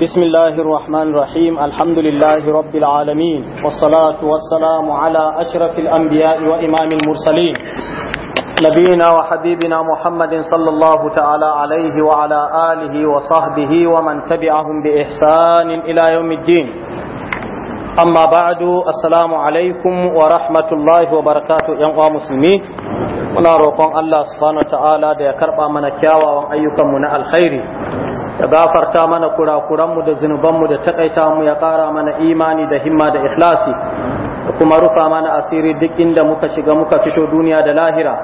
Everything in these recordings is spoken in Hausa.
بسم الله الرحمن الرحيم الحمد لله رب العالمين والصلاة والسلام على أشرف الأنبياء وإمام المرسلين نبينا وحبيبنا محمد صلى الله تعالى عليه وعلى آله وصحبه ومن تبعهم بإحسان إلى يوم الدين أما بعد السلام عليكم ورحمة الله وبركاته يا مسلمين muna roƙon Allah subhanahu ta'ala da ya karɓa mana kyawawan ayyukanmu na alkhairi ya gafarta mana kurakuranmu da zunubanmu da takaita mu ya ƙara mana imani da himma da ikhlasi da kuma rufa mana asiri duk inda muka shiga muka fito duniya da lahira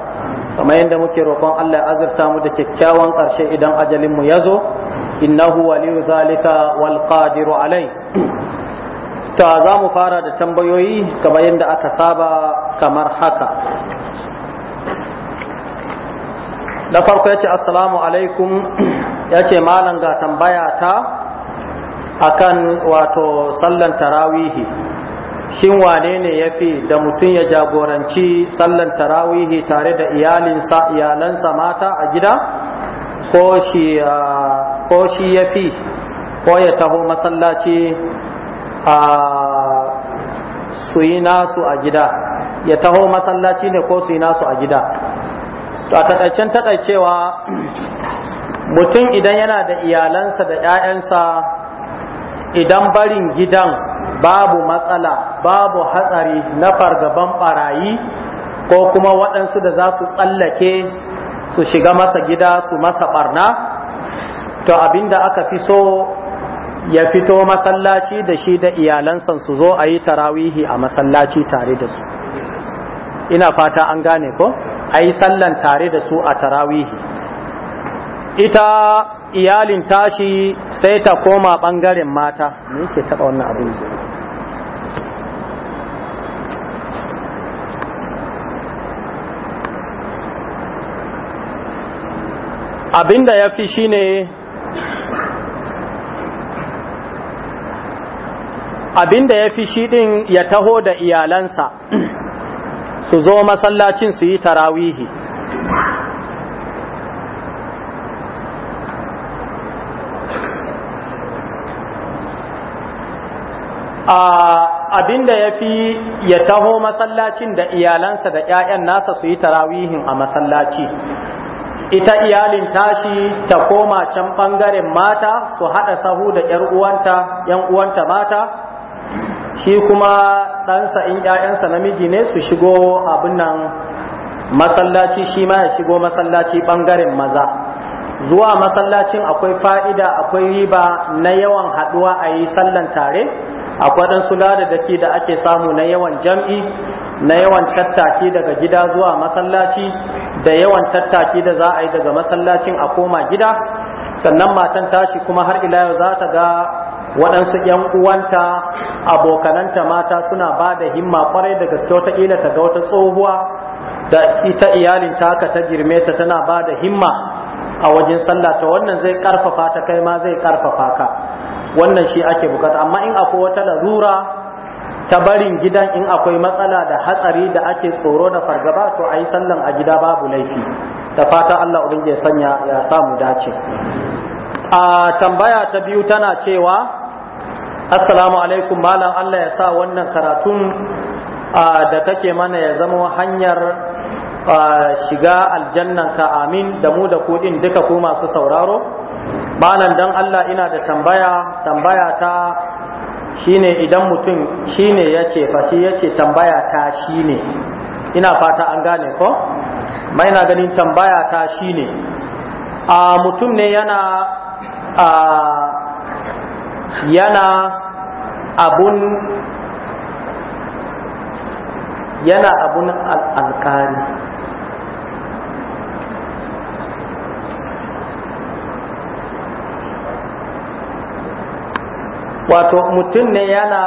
kamar yadda muke roƙon Allah ya azurta mu da kyakkyawan ƙarshe idan mu ya zo innahu waliyu zalika wal qadiru alai ta za mu fara da tambayoyi kamar yadda aka saba kamar haka da farko ya ce assalamu alaikum ya ce malam ga tambaya ta akan wato sallan tarawihi shin wane ne ya fi da mutum ya jagoranci sallan tarawihi tare da iyalinsa iyalansa mata a gida ko shi ya fi ko ya taho masallaci a su nasu a gida ya taho masallaci ne ko su nasu a gida to a taɗaicen taɗaicewa mutum idan yana da iyalansa da 'ya'yansa idan barin gidan babu matsala babu hatsari na fargaban barayi ko kuma waɗansu da za su tsallake su shiga masa gida su masa barna to abinda aka fi so ya fito masallaci da shi da iyalansa su zo a yi tarawihi a masallaci tare da su ina fata an gane ko a yi sallan tare da su a tarawihi ita iyalin tashi sai ta koma ɓangaren mata me yake taba wannan abin abinda ya fi shine abinda ya fi shi ɗin ya taho da iyalansa su zo masallacin su yi tarawihi abinda ya fi ya taho masallacin da iyalansa da 'ya'yan nasa su yi tarawihin a masallaci ita iyalin tashi ta koma can ɓangaren mata su haɗa sahu da 'yan uwanta 'yan uwanta mata shi kuma ɗansa in 'ya'yansa namiji ne su shigo abin nan masallaci shi ma ya shigo masallaci ɓangaren maza zuwa masallacin akwai fa'ida akwai riba na yawan haɗuwa a yi sallan tare akwai ɗan sulada da da ake samu na yawan jam'i na yawan tattaki daga gida zuwa masallaci da yawan tattaki da za a yi daga masallacin a koma gida sannan matan tashi kuma har ila yau za ta ga waɗansu ‘yan uwanta abokananta mata suna ba da himma kwarai da gaske wataƙila ta ga wata tsohuwa da ita iyalin taka ta girme ta tana ba da himma a wajen sallah ta wannan zai karfafa ta kai ma zai karfafa ka wannan shi ake bukata amma in akwai wata larura ta barin gidan in akwai matsala da hatsari da ake tsoro da fargaba to a yi sallan a gida babu laifi da fata Allah ubin ya sanya ya samu dace a tambaya ta biyu tana cewa assalamu alaikum malam Allah ya sa wannan karatun da take mana ya zama hanyar shiga aljannan ka amin da mu da kudin duka ko masu sauraro banan dan Allah ina da tambaya tambaya ta shine idan mutum shine yace fa shi yace tambaya ta shine ina fata an gane ko mai na ganin tambaya ta shine a mutum ne yana a yana abun yana abun alƙari wato mutum ne yana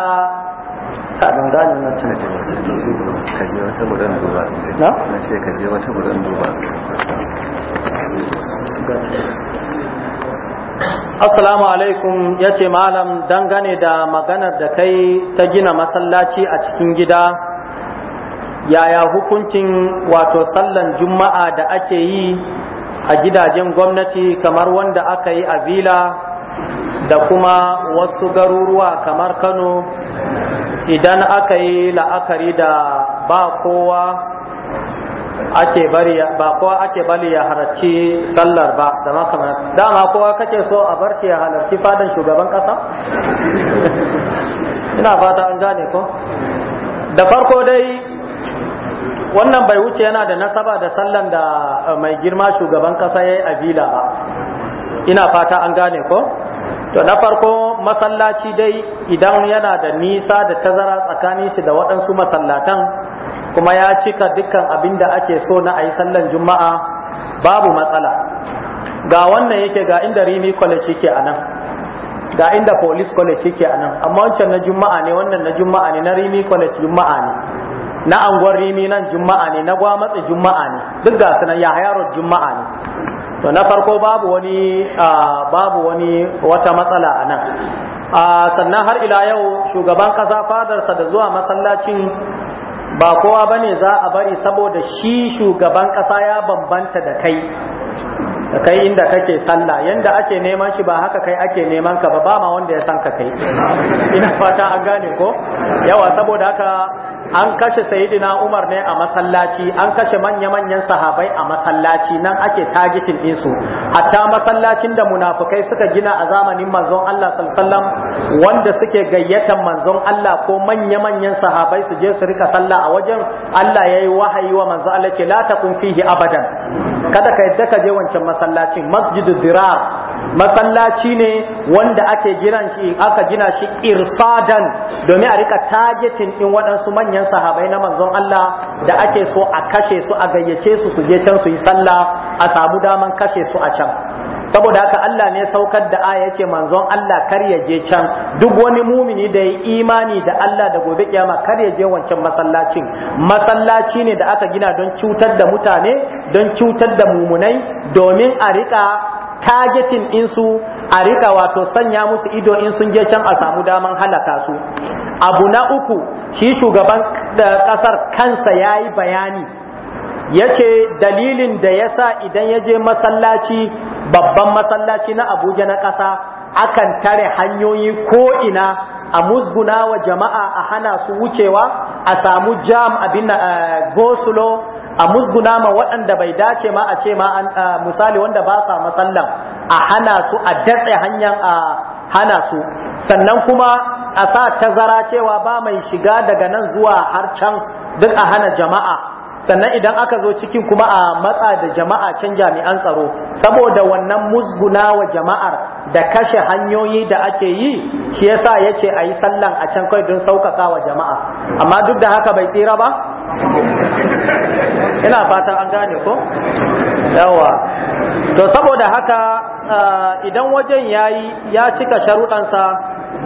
kaɗin Assalamu alaikum ya ce malam dangane da maganar da kai ta gina masallaci a cikin gida yaya hukuncin wato sallan juma'a da ake yi a gidajen gwamnati kamar wanda aka yi a vila da kuma wasu garuruwa kamar kano idan aka yi la'akari da ba kowa ake bari ba kowa ake bari ya halarci sallar ba da makamanta dama kowa kake so a bar shi ya halarci fadan shugaban kasa ina fata an gane ko da farko dai wannan bai wuce yana da nasaba da sallan da eh, mai girma shugaban kasa ya yi a bila ba ina fata an gane ko to na farko masallaci dai idan yana da nisa da tazara tsakanin shi da waɗansu masallatan kuma ya cika dukkan abin da ake so na a yi sallan juma'a babu matsala ga wannan yake ga inda rimi college yake a nan ga inda police college yake a nan amma wancan na juma'a ne wannan na juma'a ne na rimi college juma'a ne na anguwar rimi nan juma'a ne na gwamatsa juma'a ne duk ga sunan ya juma'a ne to na farko babu wani babu wani wata matsala a nan sannan har ila yau shugaban kasa fadarsa da zuwa masallacin ba kowa bane za a bari saboda shi shugaban kasa ya bambanta da kai kai inda kake sallah yanda ake neman shi ba haka kai ake neman ka ba ba ma wanda ya san ka kai ina fata an gane ko yawa saboda haka an kashe sayyidina Umar ne a masallaci an kashe manya-manyan sahabai a masallaci nan ake tagitin din su hatta masallacin da munafukai suka gina a zamanin manzon Allah sallallahu wanda suke gayyatan manzon Allah ko manya-manyan sahabai su je su rika sallah a wajen Allah yayi wahayi wa manzo Allah ce la taqum fihi abadan kada ka yadda ka je wancan masallacin masjidu dirar masallaci ne wanda ake gina shi aka gina shi irsadan domin a rika tagetin din waɗansu manyan sahabai na manzon Allah da ake so a kashe su a gayyace su su je can su yi sallah a samu daman kashe su a can saboda haka Allah ne saukar da aya yace manzon Allah kar ya je can duk wani mumini da ya imani da Allah da gobe kiyama kar ya je wancan masallacin masallaci ne da aka gina don cutar da mutane don cutar da mumunai domin a rika targetin insu a rika wato sanya musu ido in sun je can a samu daman halaka su abu na uku shi shugaban kasar kansa ya yi bayani ya ce dalilin da ya sa idan ya je masallaci babban masallaci na abuja na ƙasa akan tare hanyoyi ko'ina a musguna wa jama'a a hana su wucewa a samu jam abin uh, gosulo a musguna ma waɗanda bai dace ma a ce ma misali wanda ba sa masallan a hana su a datse hanyar a hana su sannan kuma a sa tazara cewa ba mai shiga daga nan zuwa har can duk a hana jama'a sannan idan aka zo cikin kuma a matsa da jama'a can jami'an tsaro saboda wannan musguna wa jama'ar da kashe hanyoyi da ake yi shi yasa ya ce a yi sallan a can kai don saukaka wa jama'a amma duk da haka bai tsira ba ina fata an gane ko yawa to saboda haka ah, idan wajen yayi ya cika sharuɗansa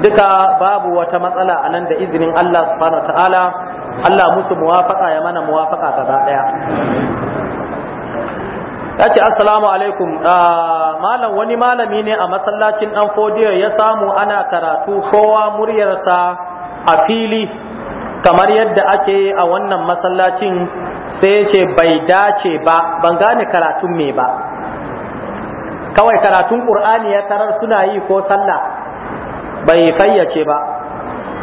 duka babu wata matsala a nan da izinin Allah subhanahu ta'ala Allah musu muwafaka ya mana muwafaka gaba daya ya ce assalamu alaikum ah, malam wani malami ne a masallacin ɗan fodiyo ya samu ana karatu kowa muryarsa a fili kamar yadda ake a wannan masallacin sai ce bai dace ba ban gane karatun me ba kawai karatun ƙur'ani ya tarar suna yi ko sallah bai fayyace ba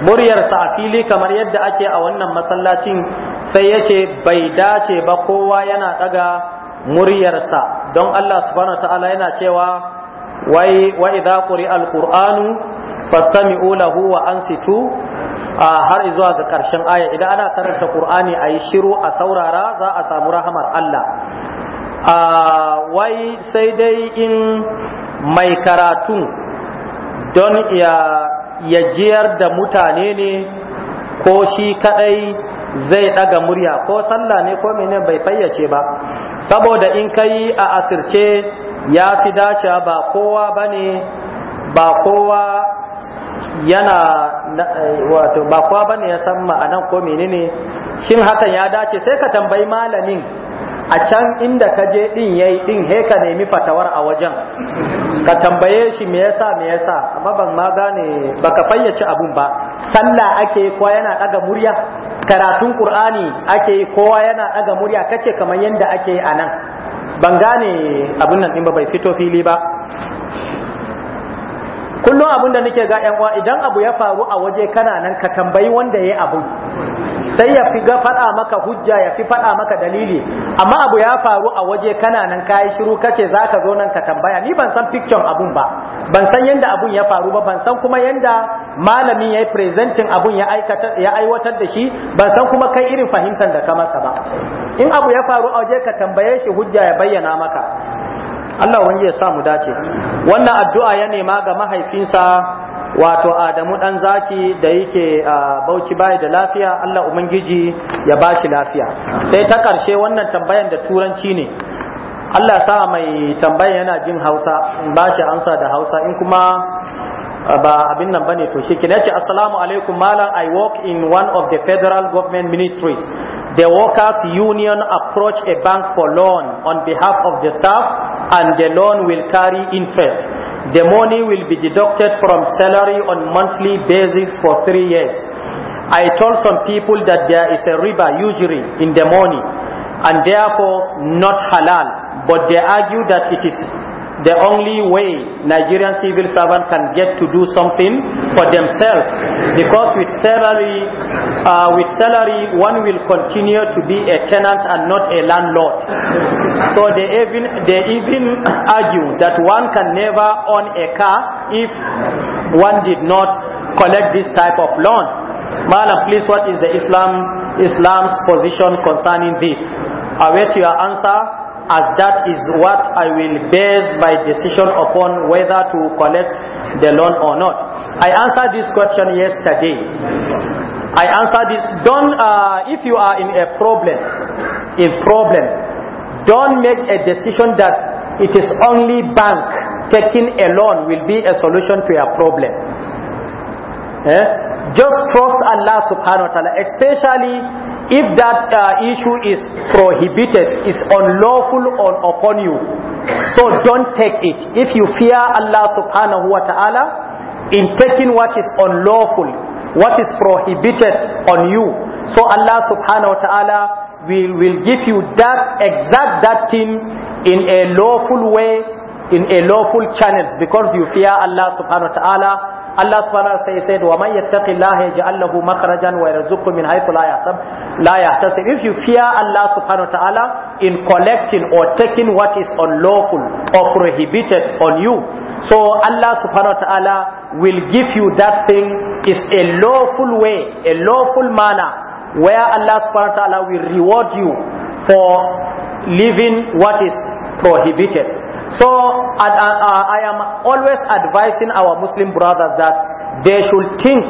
muryarsa a fili kamar yadda ake a wannan masallacin sai ya ce bai dace ba kowa yana ɗaga muryarsa don Allah subhanahu wa ta'ala yana cewa wai wa idza quri'al qur'anu fastami'u lahu wa ansitu har zuwa ga ƙarshen aya idan ana karanta qur'ani a yi shiru a saurara za a samu rahamar Allah wai sai dai in mai karatu don ya jiyar da mutane ne ko shi kadai zai daga murya ko sallah ne ko mene bai fayyace ba saboda in kai a asirce ya fi dacewa ba kowa bane ba kowa yana eh, wato ba kwa bane ya san ma'anan ko menene shin hakan ya dace sai ka tambayi malamin a can inda ka je din yayi din he ka nemi fatawar a wajen ka tambaye shi me yasa me yasa amma ban ma gane baka fayyace abun ba sallah ake kowa yana daga murya karatun qur'ani ake kowa yana daga murya kace kamar yanda ake yi anan ban gane abun nan din ba bai fito fili ba kullum abin da nake ga yan uwa idan abu ya faru a waje kana nan ka tambayi wanda ya abu sai ya fi ga faɗa maka hujja ya fi faɗa maka dalili amma abu ya faru a waje kana nan ka yi shiru kace zaka zo nan ka tambaya ni ban san fikcon abun ba ban san yadda abun ya faru ba ban san kuma yadda malamin ya yi presentin abun ya aiwatar da shi ban san kuma kai irin fahimtar da ka masa ba in abu ya faru a waje ka tambaye shi hujja ya bayyana maka Allah wani ya sa dace wannan addu'a ya nema ga mahaifinsa wato Adamu dan zaki da yake bauchi bai da lafiya Allah ubangiji ya ba shi lafiya sai ta karshe wannan tambayan da turanci ne Allah sa mai tambaya yana jin Hausa in ba shi ansa da Hausa in kuma uh, ba abin nan bane to shike yace assalamu alaikum malam i work in one of the federal government ministries the workers union approach a bank for loan on behalf of the staff and the loan will carry interest the money will be deducted from salary on monthly basis for three years i told some people that there is a river usury in the money and therefore not halal But they argue that it is the only way Nigerian civil servant can get to do something for themselves because with salary uh, with salary one will continue to be a tenant and not a landlord so they even they even argue that one can never own a car if one did not collect this type of loan Malam please what is the Islam Islam's position concerning this I await your answer as that is what I will base my decision upon whether to collect the loan or not. I answered this question yesterday. I answered this. Don't, uh, if you are in a problem, in problem, don't make a decision that it is only bank taking a loan will be a solution to your problem. Eh? Just trust Allah subhanahu wa ta'ala, especially if that uh, issue is prohibited, is unlawful on upon you, so don't take it. If you fear Allah subhanahu wa ta'ala, in taking what is unlawful, what is prohibited on you, so Allah subhanahu wa ta'ala will, will give you that exact that thing in a lawful way, in a lawful channels, because you fear Allah subhanahu wa ta'ala, Allah subhanahu wa ta'ala said wa man yattaqillaha yaj'al lahu makhrajan wa yarzuqhu min haythu la yahtasib la yahtasib if you fear Allah subhanahu wa ta'ala in collecting or taking what is unlawful or prohibited on you so Allah subhanahu wa ta'ala will give you that thing is a lawful way a lawful manner where Allah subhanahu wa ta'ala will reward you for living what is prohibited So uh, uh, I am always advising our Muslim brothers that they should think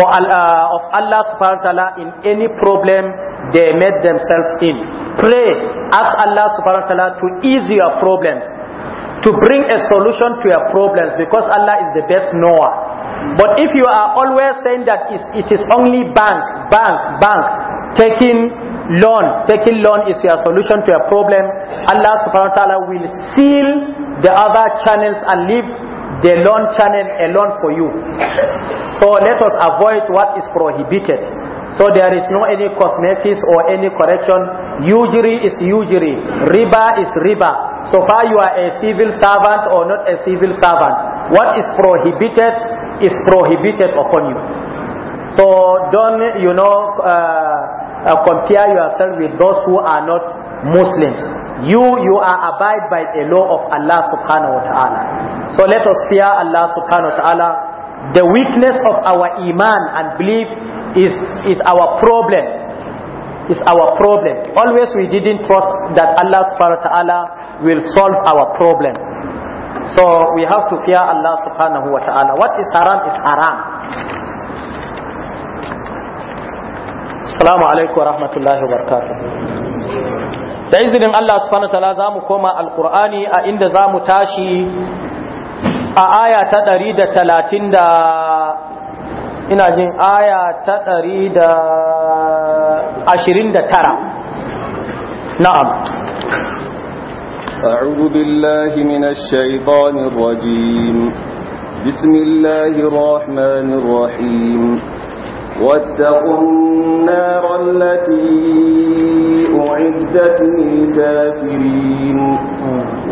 for, uh, of Allah subhanahu wa ta'ala in any problem they made themselves in. Pray, ask Allah subhanahu wa ta'ala to ease your problems, to bring a solution to your problems because Allah is the best knower. But if you are always saying that it is only bank, bank, bank, taking loan, taking loan is your solution to a problem, Allah subhanahu wa ta'ala will seal the other channels and leave the loan channel alone for you. So let us avoid what is prohibited. So there is no any cosmetics or any correction. Usury is usury. Riba is riba. So far you are a civil servant or not a civil servant. What is prohibited is prohibited upon you. So don't, you know, uh, uh, compare yourself with those who are not Muslims. You, you are abide by the law of Allah subhanahu wa ta'ala. So let us fear Allah subhanahu wa ta'ala. The weakness of our iman and belief is, is our problem. Is our problem. Always we didn't trust that Allah subhanahu wa ta'ala will solve our problem. So we have to fear Allah subhanahu wa ta'ala. What is haram is haram. assalamu alaikum wa rahmatullahi wa barakatuh da izinin Allah subhanahu ta'ala za mu koma al alkur'ani a inda za mu tashi a aya ta ɗari da talatin da ina jin aya ta ɗari da ashirin da tara na'am أعوذ بالله من الشيطان الرجيم بسم الله الرحمن الرحيم واتقوا النار التي أعدت للكافرين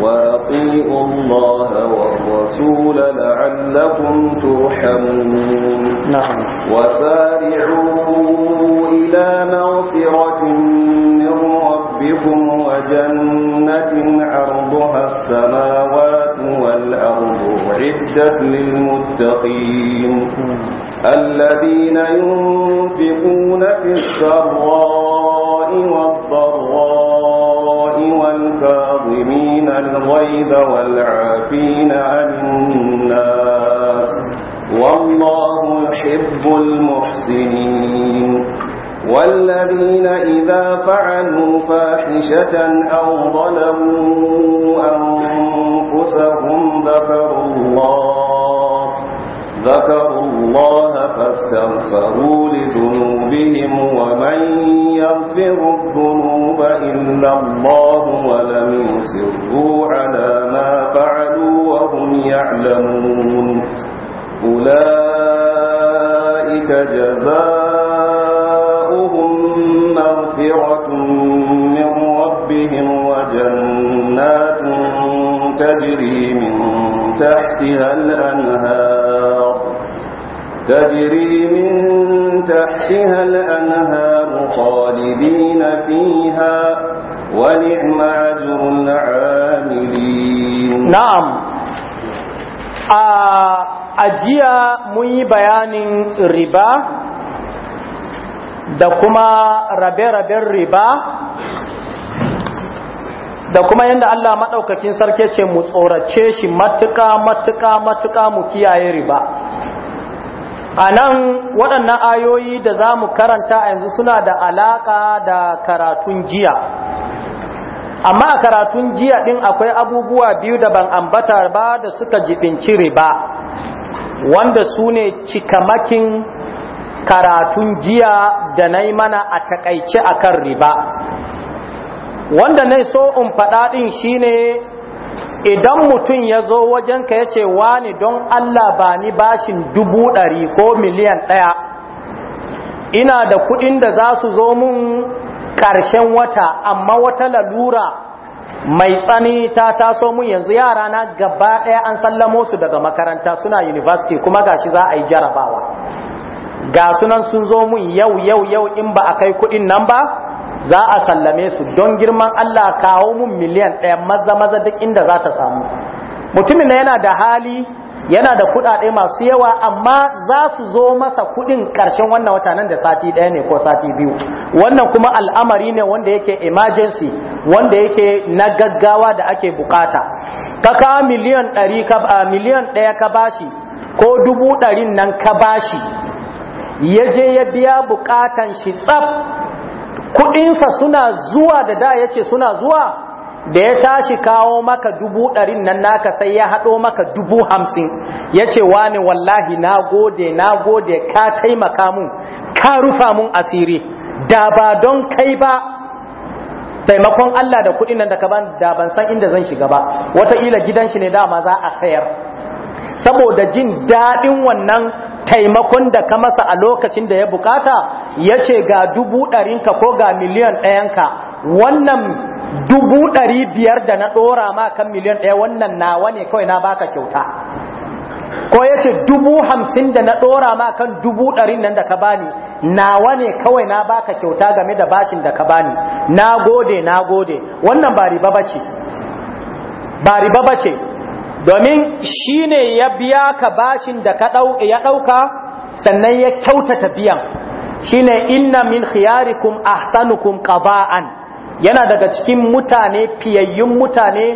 وأطيعوا الله والرسول لعلكم ترحمون نعم وسارعوا إلى مغفرة من ربكم وجنة عرضها السماوات والأرض أعدت للمتقين الذين ينفقون في السراء والضراء والكاظمين الغيب والعافين عن الناس والله يحب المحسنين والذين إذا فعلوا فاحشة أو ظلموا أنفسهم ذكروا الله ذكروا الله فاستغفروا لذنوبهم ومن يغفر الذنوب إلا الله ولم يصروا على ما فعلوا وهم يعلمون أولئك جزاؤهم مغفرة من ربهم وجنات تجري من تحتها الأنهار تجري من تحتها الأنهار خالدين فيها ونعم أجر العاملين نعم a jiya mun yi bayanin riba da kuma rabe-raben riba da kuma yadda Allah maɗaukakin sarki ce mu tsorace shi matuƙa matuƙa matuƙa mu kiyaye riba a nan waɗannan ayoyi da za mu karanta a yanzu suna da alaƙa da karatun jiya amma a karatun jiya ɗin akwai abubuwa biyu da ban ambata ba da suka jibinci riba wanda su ne cikamakin karatun jiya da na mana a takaice a kan riba wanda na so in faɗa ɗin shine idan mutum ya zo wajenka ya ce wani don Allah ba ni bashin dubu ɗari ko miliyan ɗaya ina da kuɗin da za su zo mun ƙarshen wata amma wata lalura mai tsani ta taso mun yanzu yara na gaba ɗaya an sallamo su daga makaranta suna university kuma gashi za a yi jarabawa ga sunan sun zo mun yau yau yau in ba a kai kuɗin nan ba za a sallame su don girman Allah kawo mun miliyan ɗaya maza maza duk inda za ta samu mutumin na yana da hali yana da kuɗaɗe masu yawa amma za su zo masa kuɗin ƙarshen wannan wata nan da sati ɗaya ne ko sati biyu wannan kuma al'amari ne wanda yake emergency wanda yake na gaggawa da ake bukata ka ka miliyan ɗari ka miliyan ɗaya ka bashi ko dubu ɗarin nan ka bashi ya je ya biya bukatan shi tsaf kudinsa suna zuwa da da yace suna zuwa da ya tashi kawo maka dubu ɗarin nan naka sai ya haɗo maka dubu hamsin yace ce wani wallahi na gode na gode ka taimaka mun ka rufa mun asiri da ba don kai ba taimakon Allah da kuɗin nan da ka ban da ban san inda zan shiga ba wataƙila gidan shi ne dama za a sayar saboda jin daɗin wannan taimakon da ka masa a lokacin da ya bukata ya ce ga dubu ɗarinka ko ga miliyan ɗayanka wannan dubu ɗari biyar da na ɗora ma kan miliyan ɗaya wannan nawa ne kawai na baka kyauta ko ya ce dubu hamsin da na ɗora ma kan dubu ɗarin nan da ka bani nawa ne kawai na baka kyauta game da bashin da ka bani na gode na gode wannan ba riba ba riba bace domin shi ne ya biya ka bashin da ka ya ɗauka sannan ya kyautata biyan shi ne inna min khiyarikum ahsanukum ƙaba'an yana daga cikin mutane fiyayyun mutane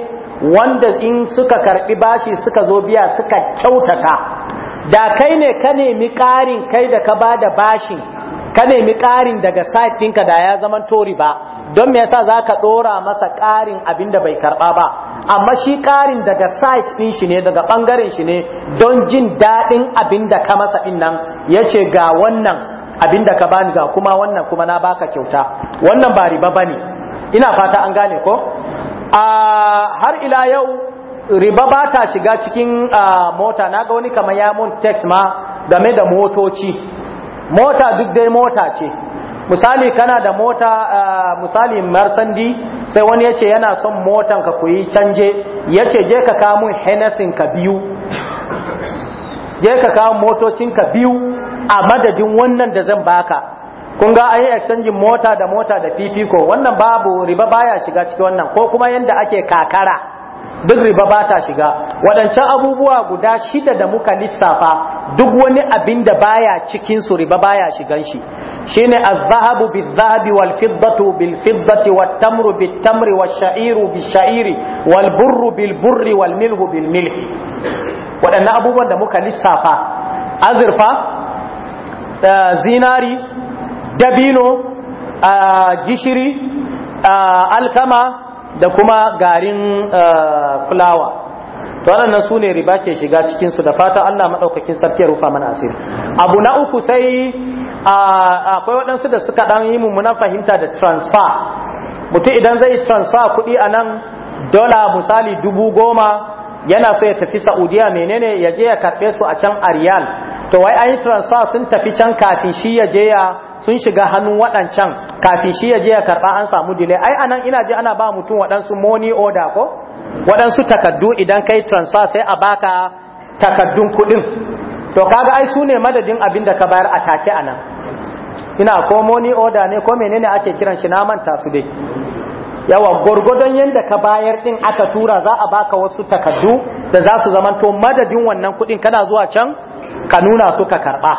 wanda in suka karbi bashi suka zo biya suka kyautata da kai ne ka nemi ƙarin kai da ka ba da bashin ka nemi ƙarin daga site ɗinka da ya zama tori ba don me yasa za ka ɗora masa ƙarin abin da bai karɓa ba amma shi ƙarin daga site ɗin shi ne daga ɓangaren shi ne don jin daɗin abin da ka masa ɗin nan ya ce ga wannan abin da ka bani ga kuma wannan kuma na baka kyauta wannan ba riba ba ne ina fata an gane ko a har ila yau riba ba ta shiga cikin mota na ga wani kamar ya mun text ma game da motoci mota duk dai mota ce misali kana da mota misali marsandi sai wani ya ce yana son motan ka kuyi canje ya ce je ka kamun henesin ka biyu je ka kawo motocin ka biyu a madadin wannan da zan baka kun ga ayi exchange mota da mota da fifiko wannan babu riba baya shiga cikin wannan ko kuma yadda ake kakara duk riba ba ta shiga waɗancan abubuwa guda shida da muka lissafa duk wani abin da baya cikin su riba baya shigan shi shine az-zahabu biz-zahabi wal-fiddatu bil-fiddati wat-tamru bit-tamri wash-sha'iru bish-sha'iri wal-burru bil-burri wal-milhu bil-milhi waɗannan abubuwan da muka lissafa azurfa eh, zinari dabino eh, gishiri eh, alkama da kuma garin eh, fulawa to waɗannan su ne riba ke shiga cikinsu da fata Allah maɗaukakin sarki ya rufa mana asiri abu na uku sai akwai waɗansu da suka ɗan yi mummuna fahimta da transfer mutum idan zai yi transfer kuɗi a nan dola misali dubu goma yana so ya tafi Saudiya menene ya je ya karɓe su a can a riyal to wai an yi transfer sun tafi can kafin shi ya je ya sun shiga hannun waɗancan kafin shi ya je ya karɓa an samu delay ai anan ina je ana ba mutum waɗansu money order ko waɗansu takaddu idan kai transfer sai a baka takaddun kuɗin to kaga ai sune madadin abin da ka bayar a take anan ina ko money order ne ko menene ake kiran shi na manta su dai yawa gwargwadon yadda ka bayar din aka tura za a baka wasu takaddu da za su zamanto madadin wannan kuɗin kana zuwa can ka nuna suka karba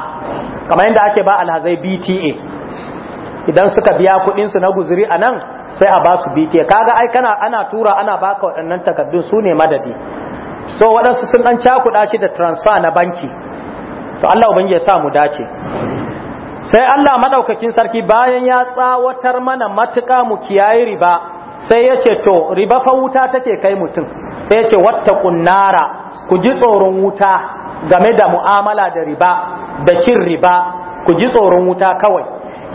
kamar yadda ake ba alhazai bta idan suka biya su na guzuri a nan sai a ba su bta kaga ai kana ana tura ana baka waɗannan takardun su ne madadi so waɗansu sun ɗan cakuɗa shi da transfer na banki to Allah ubangi ya sa mu dace sai Allah madaukakin sarki bayan ya tsawatar mana matuƙa mu kiyaye riba sai ya ce to riba fa wuta take kai mutum sai ya ce wattaqun nara ku ji tsoron wuta game da mu'amala da riba da cin riba ku ji tsoron wuta kawai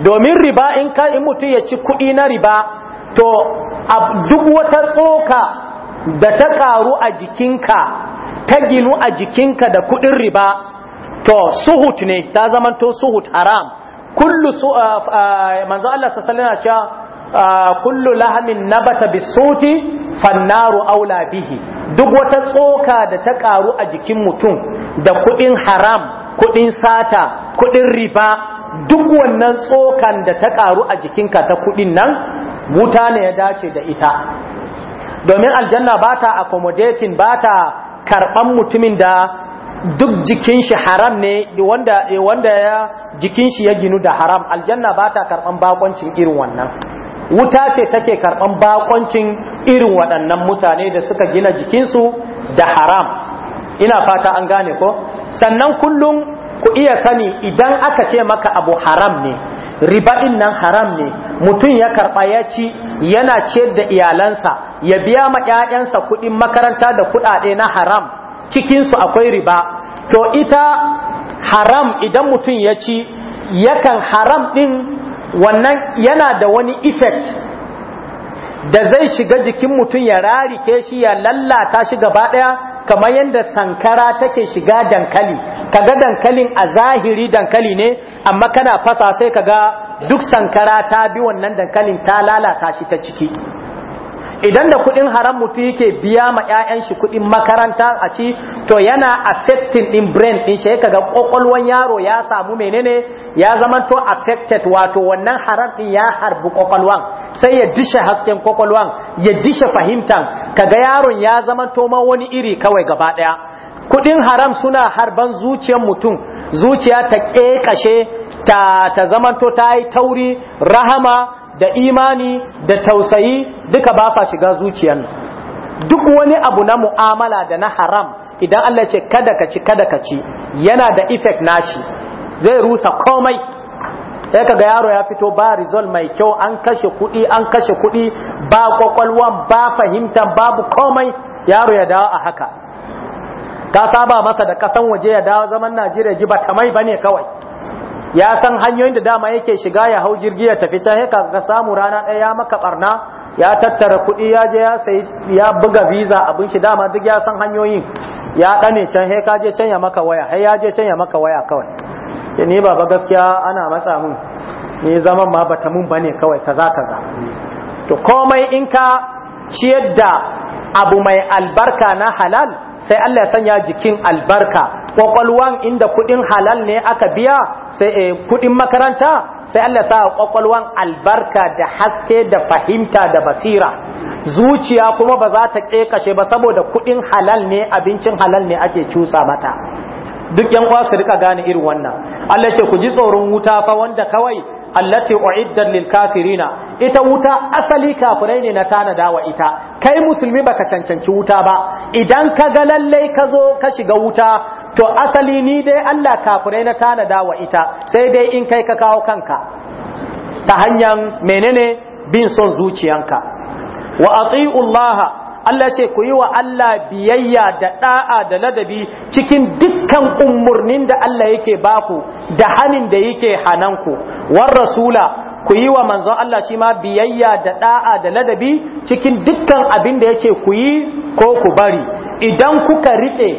domin riba in ka in mutum ya ci kuɗi na riba to duk wata tsoka da ta karu a jikinka ta ginu a jikinka da kuɗin riba to suhut ne ta zamanto suhut haram kullu su manzo Allah sallallahu alaihi wasallam kullu lahamin nabata bisuti fannaru aula bihi duk wata tsoka da ta karu a jikin mutum da kuɗin haram kuɗin sata kuɗin riba duk wannan tsokan da ta karu a jikinka ta kudin nan wuta ne ya dace da ita domin aljanna ba ta accommodating ba ta karban mutumin da duk jikin shi haram ne wanda wanda ya jikin shi ya ginu da haram aljanna ba ta karban bakoncin irin wannan wuta ce take karɓan bakoncin irin waɗannan mutane da suka gina jikinsu da haram ina fata an gane ko sannan kullum ku iya sani idan aka ce maka abu haram ne riba'in nan haram ne mutum ya karɓa ya ci yana ciyar da iyalansa ya biya ma 'ya'yansa kuɗin makaranta da kuɗaɗe na haram cikinsu akwai riba to ita haram idan mutum ya ci yakan haram ɗin wannan yana da wani effect da zai shiga jikin mutum ya rarike shi ya lallata shi gaba ɗaya kamar yadda sankara take shiga dankali kaga dankalin a zahiri dankali ne amma kana fasa sai kaga duk sankara ta bi wannan dankalin ta lalata shi ta ciki idan da kudin haram mutum yake biya ma 'ya'yan shi kudin makaranta a ci to yana affecting din brain din shi kaga kokolwan yaro ya samu menene ya zamanto affected wato wannan harafin ya harbi kwakwalwan sai ya dishe hasken kwakwalwan ya dishe fahimtan kaga yaron ya zamanto ma wani iri kawai gaba daya kudin haram suna harban zuciyar mutum zuciya ta kekashe ta ta zamanto ta yi tauri rahama da imani da tausayi duka ba sa shiga zuciyar duk wani abu na mu'amala da na haram idan Allah ce kada ka ci kada ka ci yana da effect nashi zai rusa komai sai kaga yaro ya fito ba rizol mai kyau an kashe kudi an kashe kudi ba kwakwalwa ba fahimta babu komai yaro ya dawo a haka ka saba masa da kasan waje ya dawo zaman Najeriya ji ba ta mai bane kawai ya san hanyoyin da dama yake shiga ya hau jirgi ya tafi can haka ga samu rana ɗaya ya maka barna ya tattara kudi ya je ya sai ya buga visa abin shi dama duk ya san hanyoyin ya ɗane can he ka je can ya maka waya he ya je can ya maka waya kawai ya ne baba gaskiya ana matsa mun ne zaman ma bata mun bane kawai kaza kaza to komai in ka ciyar da abu mai albarka na halal sai Allah ya sanya jikin albarka kwakwalwan inda kudin halal ne aka biya sai eh, kudin makaranta sai Allah sa kwakwalwan albarka da haske da fahimta da basira zuciya kuma ba za ta kekashe ba saboda kudin halal ne abincin halal ne ake cusa mata duk yan kwa su rika gane irin wannan Allah ce ku ji tsoron wuta fa wanda kawai allati uiddat lil kafirina ita wuta asali kafirai ne na tanada wa ita kai musulmi baka cancanci wuta ba idan ka ga lalle ka zo ka shiga wuta to asali ni dai Allah kafirai na tanada wa ita sai dai in kai ka kawo kanka ta hanyar menene bin son zuciyanka wa ati'u Allah Allah ce ku yi wa Allah biyayya da da'a da ladabi cikin dukkan umurnin da Allah yake baku da hanin da yake hananku war rasula ku yi wa manzon Allah shi ma biyayya da da'a da ladabi cikin dukkan abin da yake ku yi ko ku bari idan kuka riƙe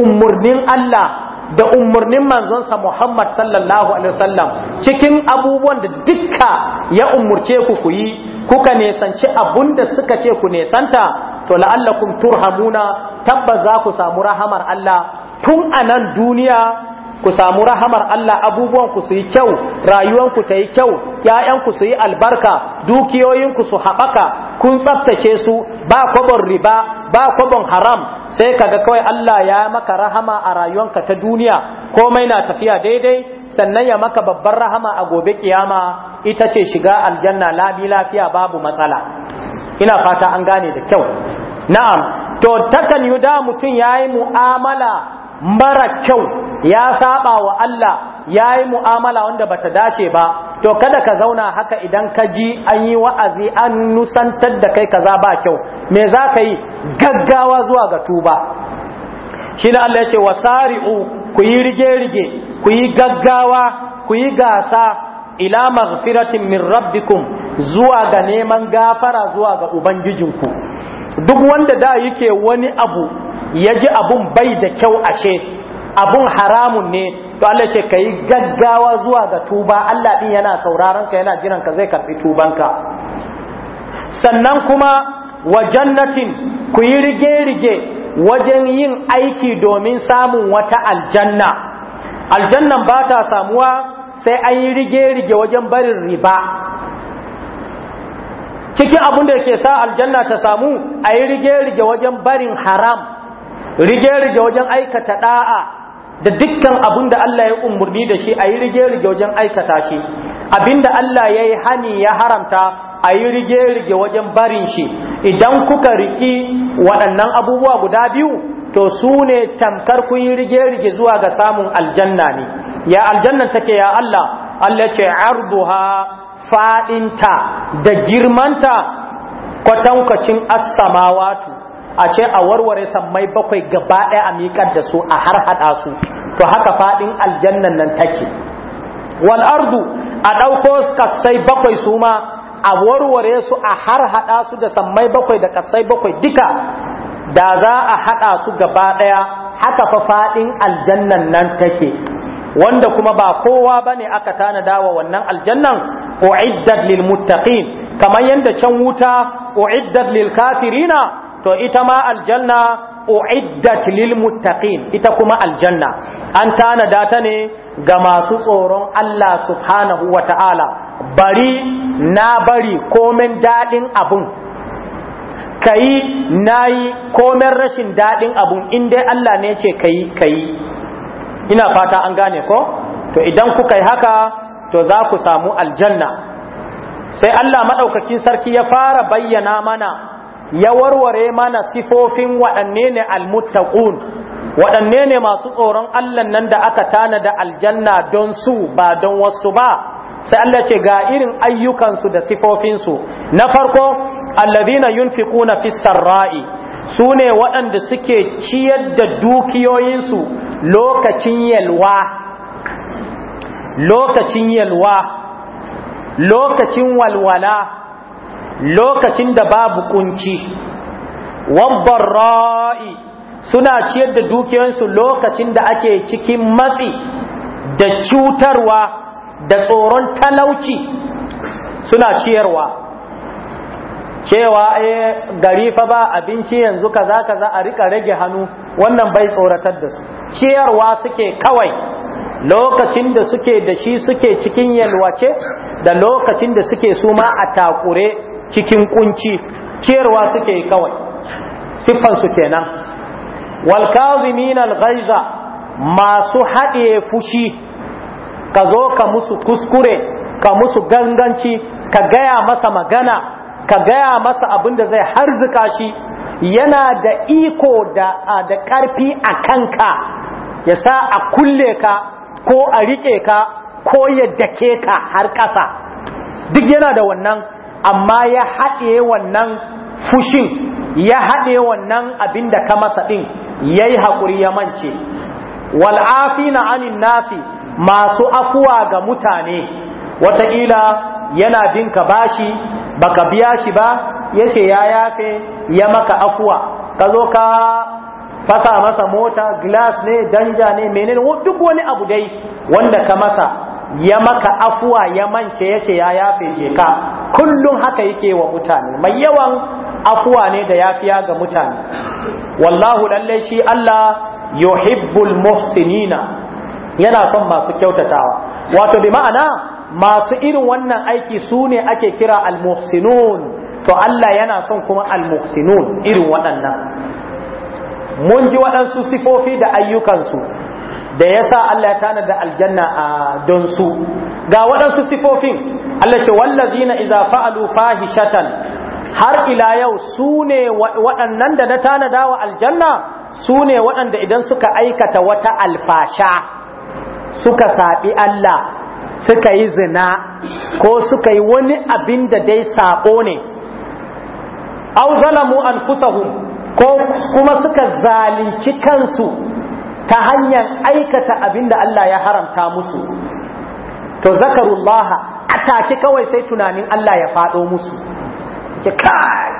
umurnin Allah da umarnin manzonsa Muhammad sallallahu alaihi wasallam cikin abubuwan da dukka ya umurce ku ku yi kuka nesanci abun da suka ce ku nesanta to la'allakum turhamuna tabbas za ku samu rahamar Allah tun a nan duniya ku samu rahamar Allah abubuwanku su yi kyau rayuwanku ta yi kyau ‘ya'yanku su yi albarka dukiyoyin ku su haɓaka kun tsaftace su ba kwabon riba ba kwabon haram sai kaga kawai Allah ya maka rahama a rayuwanka ta duniya komai na tafiya daidai sannan ya maka babbar rahama a gobe kiyama ita ce shiga aljanna labi lafiya babu matsala ina fata an gane da kyau na'am to takan yuda mutum yayi mu'amala mara kyau ya saba wa Allah yayi mu'amala wanda bata dace ba to kada ka zauna haka idan ka ji an yi wa'azi an nusantar da kai kaza ba kyau me za ka yi gaggawa zuwa ga tuba shi ne Allah ya ce wasari'u ku yi rige-rige ku yi gaggawa ku yi gasa ila maghfiratin min rabbikum zuwa ga neman gafara zuwa ga ubangijinku duk wanda da yake wani abu ya ji abun bai da kyau ashe abun haramun ne to Allah ce ka gaggawa zuwa ga tuba Allah ɗin yana sauraron ka yana jiran ka zai karɓi tubanka sannan kuma wa jannatin ku yi rige-rige wajen yin aiki domin samun wata aljanna aljannan ba ta samuwa sai an yi rige-rige wajen barin riba cikin abin da ke sa aljanna ta samu a yi rige-rige wajen barin haram rige-rige wajen aikata da'a da dukkan abin da Allah ya umarni da shi a yi rige-rige wajen aikata shi abin da Allah ya yi hani ya haramta a yi rige-rige wajen barin shi idan kuka riki waɗannan abubuwa guda biyu to su ne tamkar kun yi rige-rige zuwa ga samun aljanna ne ya aljannan take ya Allah Allah ce arduha fadinta da girmanta kwatankwacin as-samawatu a ce a warware sammai bakwai gaba ɗaya a miƙar da su a har hada su to haka fadin aljannan nan take wal ardu a ɗauko kasai bakwai su ma a warware su a har hada su da sammai bakwai da kasai bakwai duka da za a haɗa su gaba ɗaya haka fa fadin aljannan nan take wanda kuma ba kowa bane aka tanada wa wannan aljannan uiddat lil muttaqin kamar yadda can wuta uiddat lil kafirina to ita ma aljanna uiddat lil muttaqin ita kuma aljanna an tanada ta ne ga masu tsoron Allah subhanahu wa ta'ala bari na bari komen daɗin abun kayi nayi komen rashin daɗin abun in dai Allah ne ce kayi kayi ina fata an gane ko to idan kuka yi haka to za ku samu aljanna sai Allah maɗaukakin sarki ya fara bayyana mana ya warware mana sifofin waɗanne ne almuttaqun waɗanne ne masu tsoron Allah nan da aka tana da aljanna don su ba don wasu ba sai Allah ce ga irin ayyukansu da sifofinsu na farko alladhina yunfiquna fis sarra'i su ne waɗanda suke ciyar da dukiyoyinsu lokacin yalwa lokacin yalwa lokacin walwala lokacin da babu kunci wabbarra'i suna ciyar da dukiyoyinsu lokacin da ake cikin matsi da cutarwa da tsoron talauci suna ciyarwa cewa eh gari fa ba abinci yanzu kaza kaza a rika rage hannu wannan bai tsoratar da su ciyarwa suke kawai lokacin da suke da shi suke cikin yalwace da lokacin da suke suma a takure cikin kunci ciyarwa suke kawai siffan su kenan wal kazimin al ghaiza masu haɗe fushi ka zo ka musu kuskure ka musu ganganci ka gaya masa magana ka gaya masa abin da zai harzuka shi yana da iko da da karfi a kanka ya sa a kulle ka ko a rike ka ko ya dake ka har ƙasa duk yana da wannan amma ya haɗe wannan fushin ya haɗe wannan abin da ka masa ɗin ya yi haƙuri ya mance wal'afi na anin nasi masu afuwa ga mutane wataƙila yana bin ka bashi baka biya shi ba yace ya yafe ya maka afuwa ka zo ka fasa masa mota glass ne danja ne menene duk wani abu dai wanda ka masa ya maka afuwa ya mance yace ya yafe je ka kullum haka yake wa mutane mai yawan afuwa ne da yafiya ga mutane wallahu lallai shi Allah yuhibbul muhsinina yana son masu kyautatawa wato bi ma'ana masu irin wannan aiki su ne ake kira al-muhsinun to Allah yana son kuma al-muhsinun irin waɗannan mun ji waɗansu sifofi da ayyukansu da yasa Allah ya tana da aljanna a don su ga waɗansu sifofin Allah ce wallazina idza fa'alu fahishatan har ila yau su ne waɗannan da na tanadawa aljanna su ne waɗanda idan suka aikata wata alfasha suka saɓi Allah suka yi zina ko suka yi wani abin da dai saƙo ne au zalamu anfusahum ko kuma suka zalunci kansu ta hanyar aikata abin da Allah ya haramta musu to zakarullaha take kawai sai tunanin Allah ya fado musu ce kai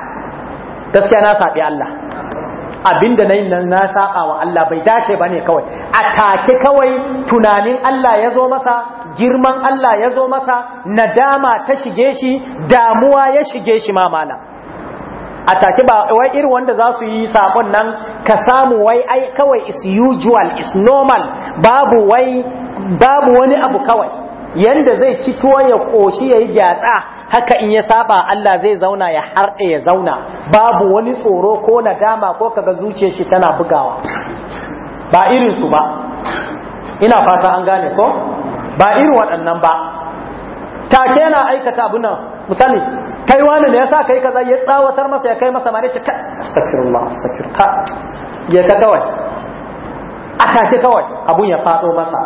gaskiya na saɓi Allah abin na yi nan na saɓa wa Allah bai dace ba ne kawai a take kawai tunanin Allah ya zo masa girman Allah ya zo masa nadama ta shige shi damuwa ya shige shi ma malam a take ba wai irin wanda za su yi sabon nan ka samu wai ai kawai is usual is normal babu wai babu wani abu kawai yanda zai ci to ya koshi yayi gyatsa haka in ya saba Allah zai zauna ya harɗe ya zauna babu wani tsoro ko nadama ko kaga zuciyar shi tana bugawa ba irin su ba ina fata an gane ko ba irin waɗannan ba take yana aikata abin nan misali kai wani ne yasa kai kaza ya tsawatar masa ya kai masa mare ce ka astaghfirullah astaghfirka ya ka kawai a take kawai abun ya faɗo masa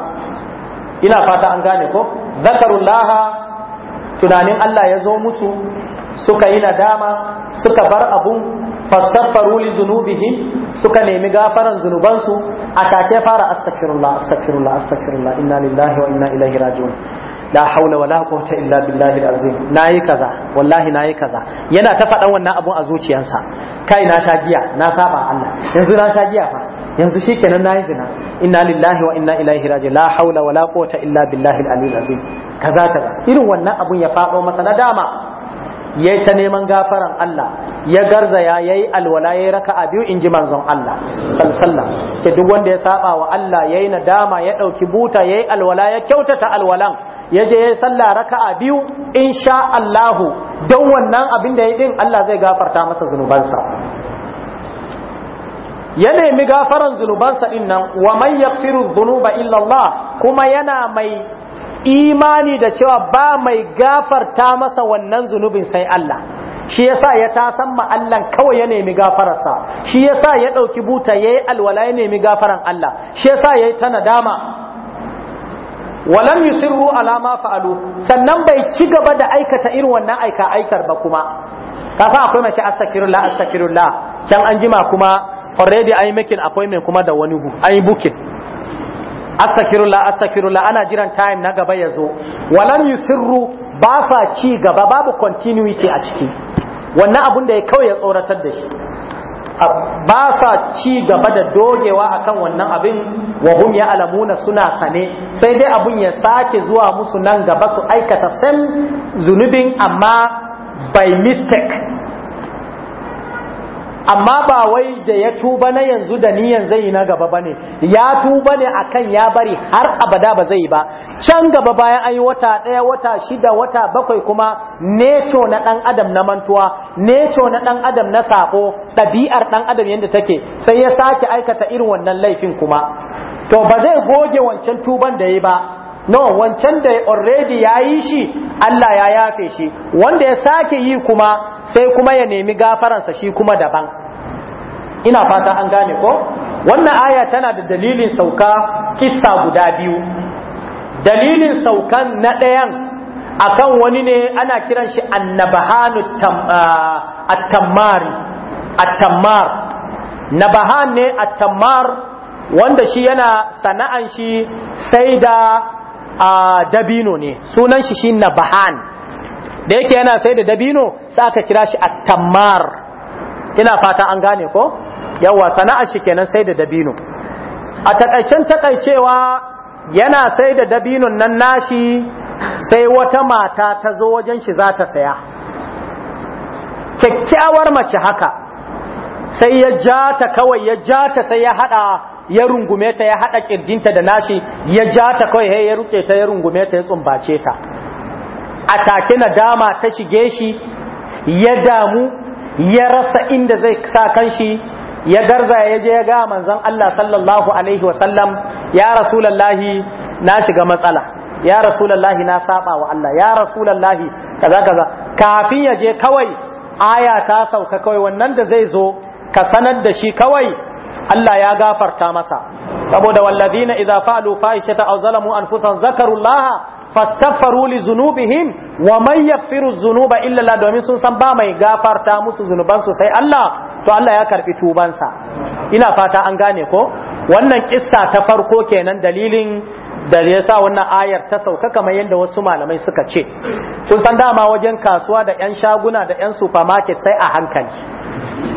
ina fata an gane ko zakarullaha tunanin Allah ya zo musu suka yi nadama suka bar abun fastaghfaru li zunubihim suka nemi gafaran zunubansu a take fara astaghfirullah astaghfirullah astaghfirullah inna lillahi wa inna ilaihi raji'un la haula wala quwwata illa billahi al-azim nayi kaza wallahi nayi kaza yana ta faɗan wannan abun a zuciyarsa kai na shagiya na saba Allah yanzu na shagiya fa yanzu shikenan nayi zina inna lillahi wa inna ilaihi raji'un la haula wala quwwata illa billahi al-azim kaza kaza irin wannan abun ya faɗo masa na dama ya ta neman gafaran Allah ya garza ya yi alwala ya yi raka a biyu in ji manzon Allah sallallahu ke duk wanda ya saba wa Allah ya yi nadama ya ɗauki buta ya yi alwala ya kyautata alwalan ya je ya yi sallah raka a biyu in sha Allahu don wannan abin da ya din Allah zai gafarta masa zunubansa ya nemi gafaran zunubansa din nan wa man yaghfiru dhunuba illa Allah kuma yana mai imani da cewa ba mai gafarta masa wannan zunubin sai Allah shi yasa ya tasan ma Allah kawai ya nemi gafararsa shi yasa ya ɗauki buta yayi alwala ya nemi gafaran Allah shi yasa ya ta nadama walam yusirru ala ma fa'alu sannan bai ci gaba da aikata irin wannan aika aikar ba kuma kasan akwai mace astaghfirullah astaghfirullah can anjima jima kuma already makin making appointment kuma da wani bu ai booking astaghfirullah astaghfirullah ana jiran time na gaba ya zo walam yusirru ba sa ci gaba babu continuity a ciki wannan abun da ya kawai ya tsoratar da shi ba sa ci gaba da dogewa akan wannan abin wa hum ya'lamuna alamuna suna sane sai dai abun ya sake zuwa musu nan gaba su aikata sam zunubin amma by mistake amma ba wai da ya tuba na yanzu da niyan zai yi na gaba bane ya tuba ne a kan ya bari har abada ba zai ba can gaba bayan an yi wata ɗaya wata shida wata bakwai kuma neco na ɗan adam na mantuwa neco na ɗan adam na sako ɗabi'ar ɗan adam yadda take sai ya sake aikata irin wannan laifin kuma to ba zai goge wancan tuban da ya ba no wancan da already ya yi shi Allah ya yafe shi wanda ya sake yi kuma sai kuma ya nemi gafaransa shi kuma daban ina fata an gane ko wannan aya tana da dalilin sauka kissa guda biyu dalilin saukan na ɗayan akan wani ne ana kiran shi annabahanu ah, attammari attammar nabahan ne attammar wanda shi yana sana'an shi sai da a dabino ne sunan shi shi na bahan da yake yana sai da dabino sai aka kira shi a tamar ina fata an gane ko yawa sana'ar shi kenan sai da dabino a takaicen takaicewa yana sai da dabinon nan nashi sai wata mata ta zo wajen shi za ta saya kyakkyawar mace haka sai ya ja ta kawai ya ja ta sai ya hada ya rungume ta ya haɗa ƙirjinta da nashi ya ja ta kawai ya ruke ta ya rungume ta ya tsumbace ta a take nadama ta shige shi ya damu ya rasa inda zai sa kanshi ya garza ya je ya ga manzon Allah sallallahu alaihi wasallam ya rasulullahi na shiga matsala ya rasulullahi na saba wa Allah ya rasulullahi kaza kaza kafin ya je kawai aya ta sauka kawai wannan da zai zo ka sanar da shi kawai Allah ya gafarta masa saboda wallazina idza fa'alu fahishata aw zalamu fusan zakarullaha fastaghfaru li dhunubihim wa man yaghfiru dhunuba illa Allah domin sun san ba mai gafarta musu zunuban sai Allah to Allah ya karbi tubansa ina fata an gane ko wannan kissa ta farko kenan dalilin da ya sa wannan ayar ta sauka kamar yadda wasu malamai suka ce sun san dama wajen kasuwa da 'yan shaguna da 'yan supermarket sai a hankali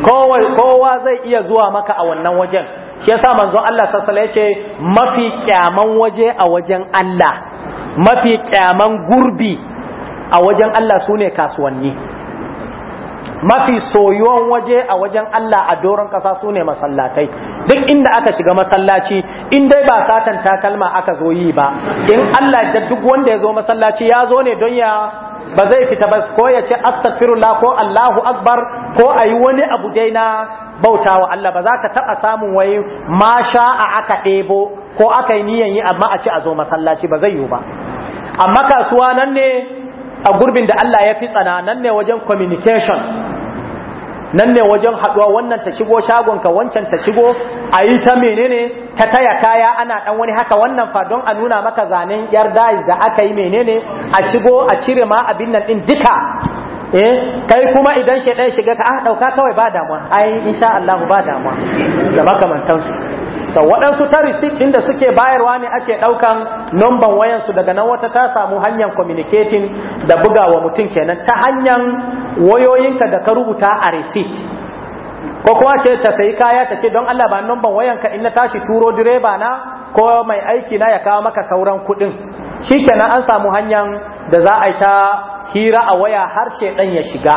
kowa zai iya zuwa maka a wannan wajen shi sa manzon Allah sassala ya ce mafi kyaman waje a wajen Allah mafi kyaman gurbi a wajen Allah su ne kasuwanni mafi soyuwan waje a wajen Allah a doron ƙasa su ne masallatai duk inda aka shiga masallaci in dai ba satan takalma aka zo yi ba in Allah da duk wanda ya zo masallaci ya zo ne don ya ba zai fita ba ko ya ce astaghfirullah ko Allahu akbar ko ayi wani abu dai na bautawa Allah ba za ka taba samun wai masha a aka ɗebo ko aka yi niyan yi amma a ce a zo masallaci ba zai yi ba amma kasuwa nan ne a gurbin da Allah ya fi tsana nan ne wajen communication nan ne wajen haduwa wannan ta shigo ka wancan ta shigo a yi ta menene ta taya kaya ana dan wani haka wannan fa don a nuna maka zanen yar dayi da aka yi menene a shigo a cire ma abin nan din duka eh kai kuma idan shi ɗaya shiga ka a ah, dauka kawai ba damuwa ai insha Allah ba damuwa da baka su to waɗansu ta receipt din da suke bayarwa ne ake daukan number wayan su daga nan wata ta samu hanyar communicating da bugawa mutum kenan ta hanyar wayoyinka da ka rubuta a receipt ko kuma ce ta sayi kaya ta ce don Allah ba number wayanka in na tashi turo direba na ko mai aiki na ya kawo maka sauran kuɗin shi kenan an samu hanyar da za a yi ta hira a waya har shedan ya shiga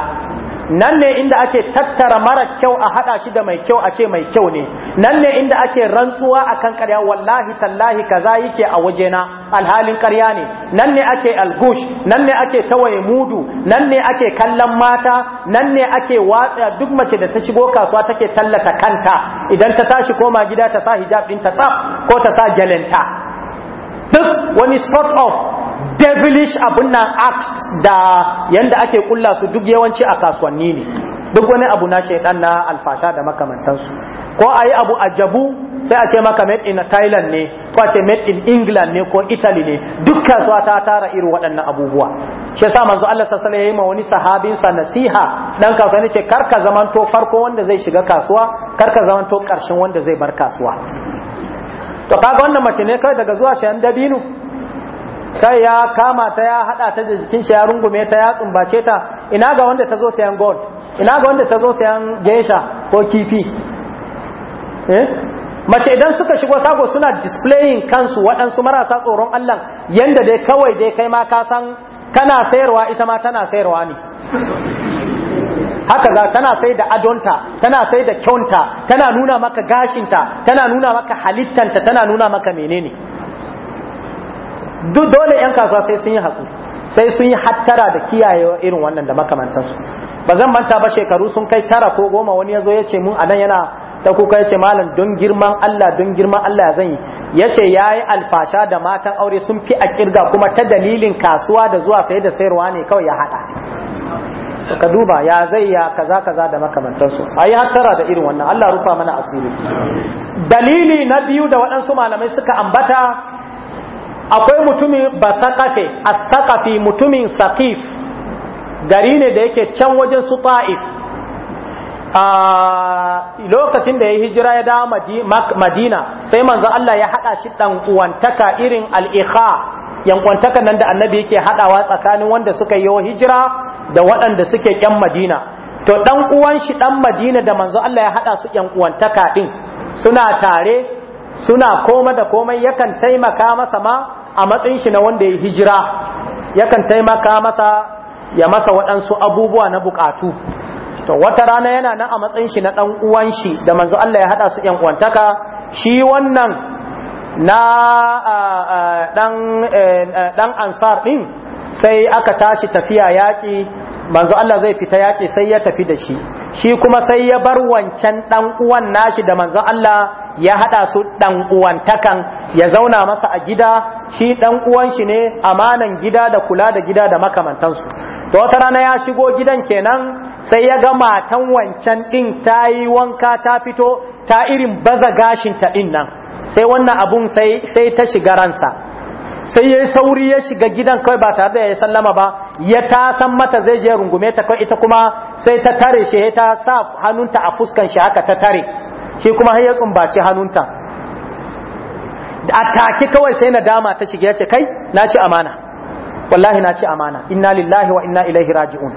nan ne inda ake tattara mara kyau a hada shi da mai kyau a ce mai kyau ne nan ne inda ake rantsuwa a kan karya wallahi tallahi kaza yake a wajena alhalin karya ne nan ne ake algush nan ne ake tawaye mudu nan ne ake kallon mata nan ne ake watsa duk mace da ta shigo kasuwa take tallata kanta idan ta tashi koma gida ta sa hijab din ta tsaf ko ta sa ta. duk wani sort of devilish abun nan acts da yanda ake kulla su duk yawanci a kasuwanni ne duk wani abu na shaidan na alfasha da makamantansu ko a yi abu a jabu sai a ce maka made in thailand ne ko a ce made in england ne ko italy ne duk kasuwa ta tara irin waɗannan abubuwa shi yasa manzo Allah sallallahu alaihi ma wani sa nasiha dan kasuwa ne ce karka zamanto farko wanda zai shiga kasuwa karka zamanto karshen wanda zai bar kasuwa to kaga wannan mace ne kai daga zuwa shayan dabino sai ya kama ta ya hada ta da jikin shi ya rungume ta ya tsumbace ta ina ga wanda ta zo sayan gold ina ga wanda ta zo sayan gesha ko kifi eh mace idan suka shigo sago suna displaying kansu waɗansu marasa tsoron Allah yanda dai kawai dai kai ma ka san kana sayarwa ita ma tana sayarwa ne haka za tana sai da adonta tana sai da kyonta tana nuna maka gashinta tana nuna maka halittanta tana nuna maka menene duk dole yan kasuwa sai sun yi haƙu sai sun yi hattara da kiyaye irin wannan da makamantansu ba zan manta ba shekaru sun kai tara ko goma wani ya zo ya ce mun anan yana ta kuka ya malam don girman Allah don girman Allah ya zanyi ya ce ya yi alfasha da matan aure sun fi a kirga kuma ta dalilin kasuwa da zuwa sai da sayarwa ne kawai ya haɗa ka duba ya zai ya kaza kaza da makamantansu a yi hattara da irin wannan Allah rufa mana asiri dalili na biyu da waɗansu malamai suka ambata akwai mutumin ba saƙafe a sakafi mutumin sakif. gari ne da yake can wajen su ta'if a lokacin da ya hijira ya dawo madina sai manzo Allah ya haɗa shi ɗan uwantaka irin Yan yankwantaka nan da annabi yake haɗawa tsakanin wanda suka yi hijira da waɗanda suke ƴan madina to ɗan uwan shi ɗan madina da manzo Allah ya haɗa su ƴan uwantaka ɗin suna tare suna koma da komai yakan taimaka masa ma a matsayin shi na wanda ya hijira yakan taimaka masa ya masa waɗansu abubuwa na buƙatu. to wata rana yana nan a matsayin shi na ɗan uwan shi da manzo Allah ya haɗa su ƴan uwantaka shi wannan na eh, ɗan ansar ɗin sai aka tashi tafiya yaƙi manzo Allah zai fita yaƙi sai ya tafi da shi shi kuma sai ya bar wancan dan uwan nashi da manzo Allah ya haɗa su dan uwantakan ya zauna masa a gida shi dan uwan shi ne amanan gida da kula da gida da makamantansu Da wata rana ya shigo gidan kenan sai ya ga matan wancan ɗin ta yi wanka ta fito ta irin baza gashinta ta nan sai wannan abun sai ta shiga ransa sai ya sauri ya shiga gidan kawai ba tare da ya sallama ba ya ta san mata zai je rungume ta kawai ita kuma sai ta tare shi ta sa hannunta a fuskan shi haka ta tare shi kuma har ya tsumbaci hannunta a take kawai sai nadama ta shiga ya ce kai na ci amana wallahi na ci amana inna lillahi wa inna ilaihi raji'un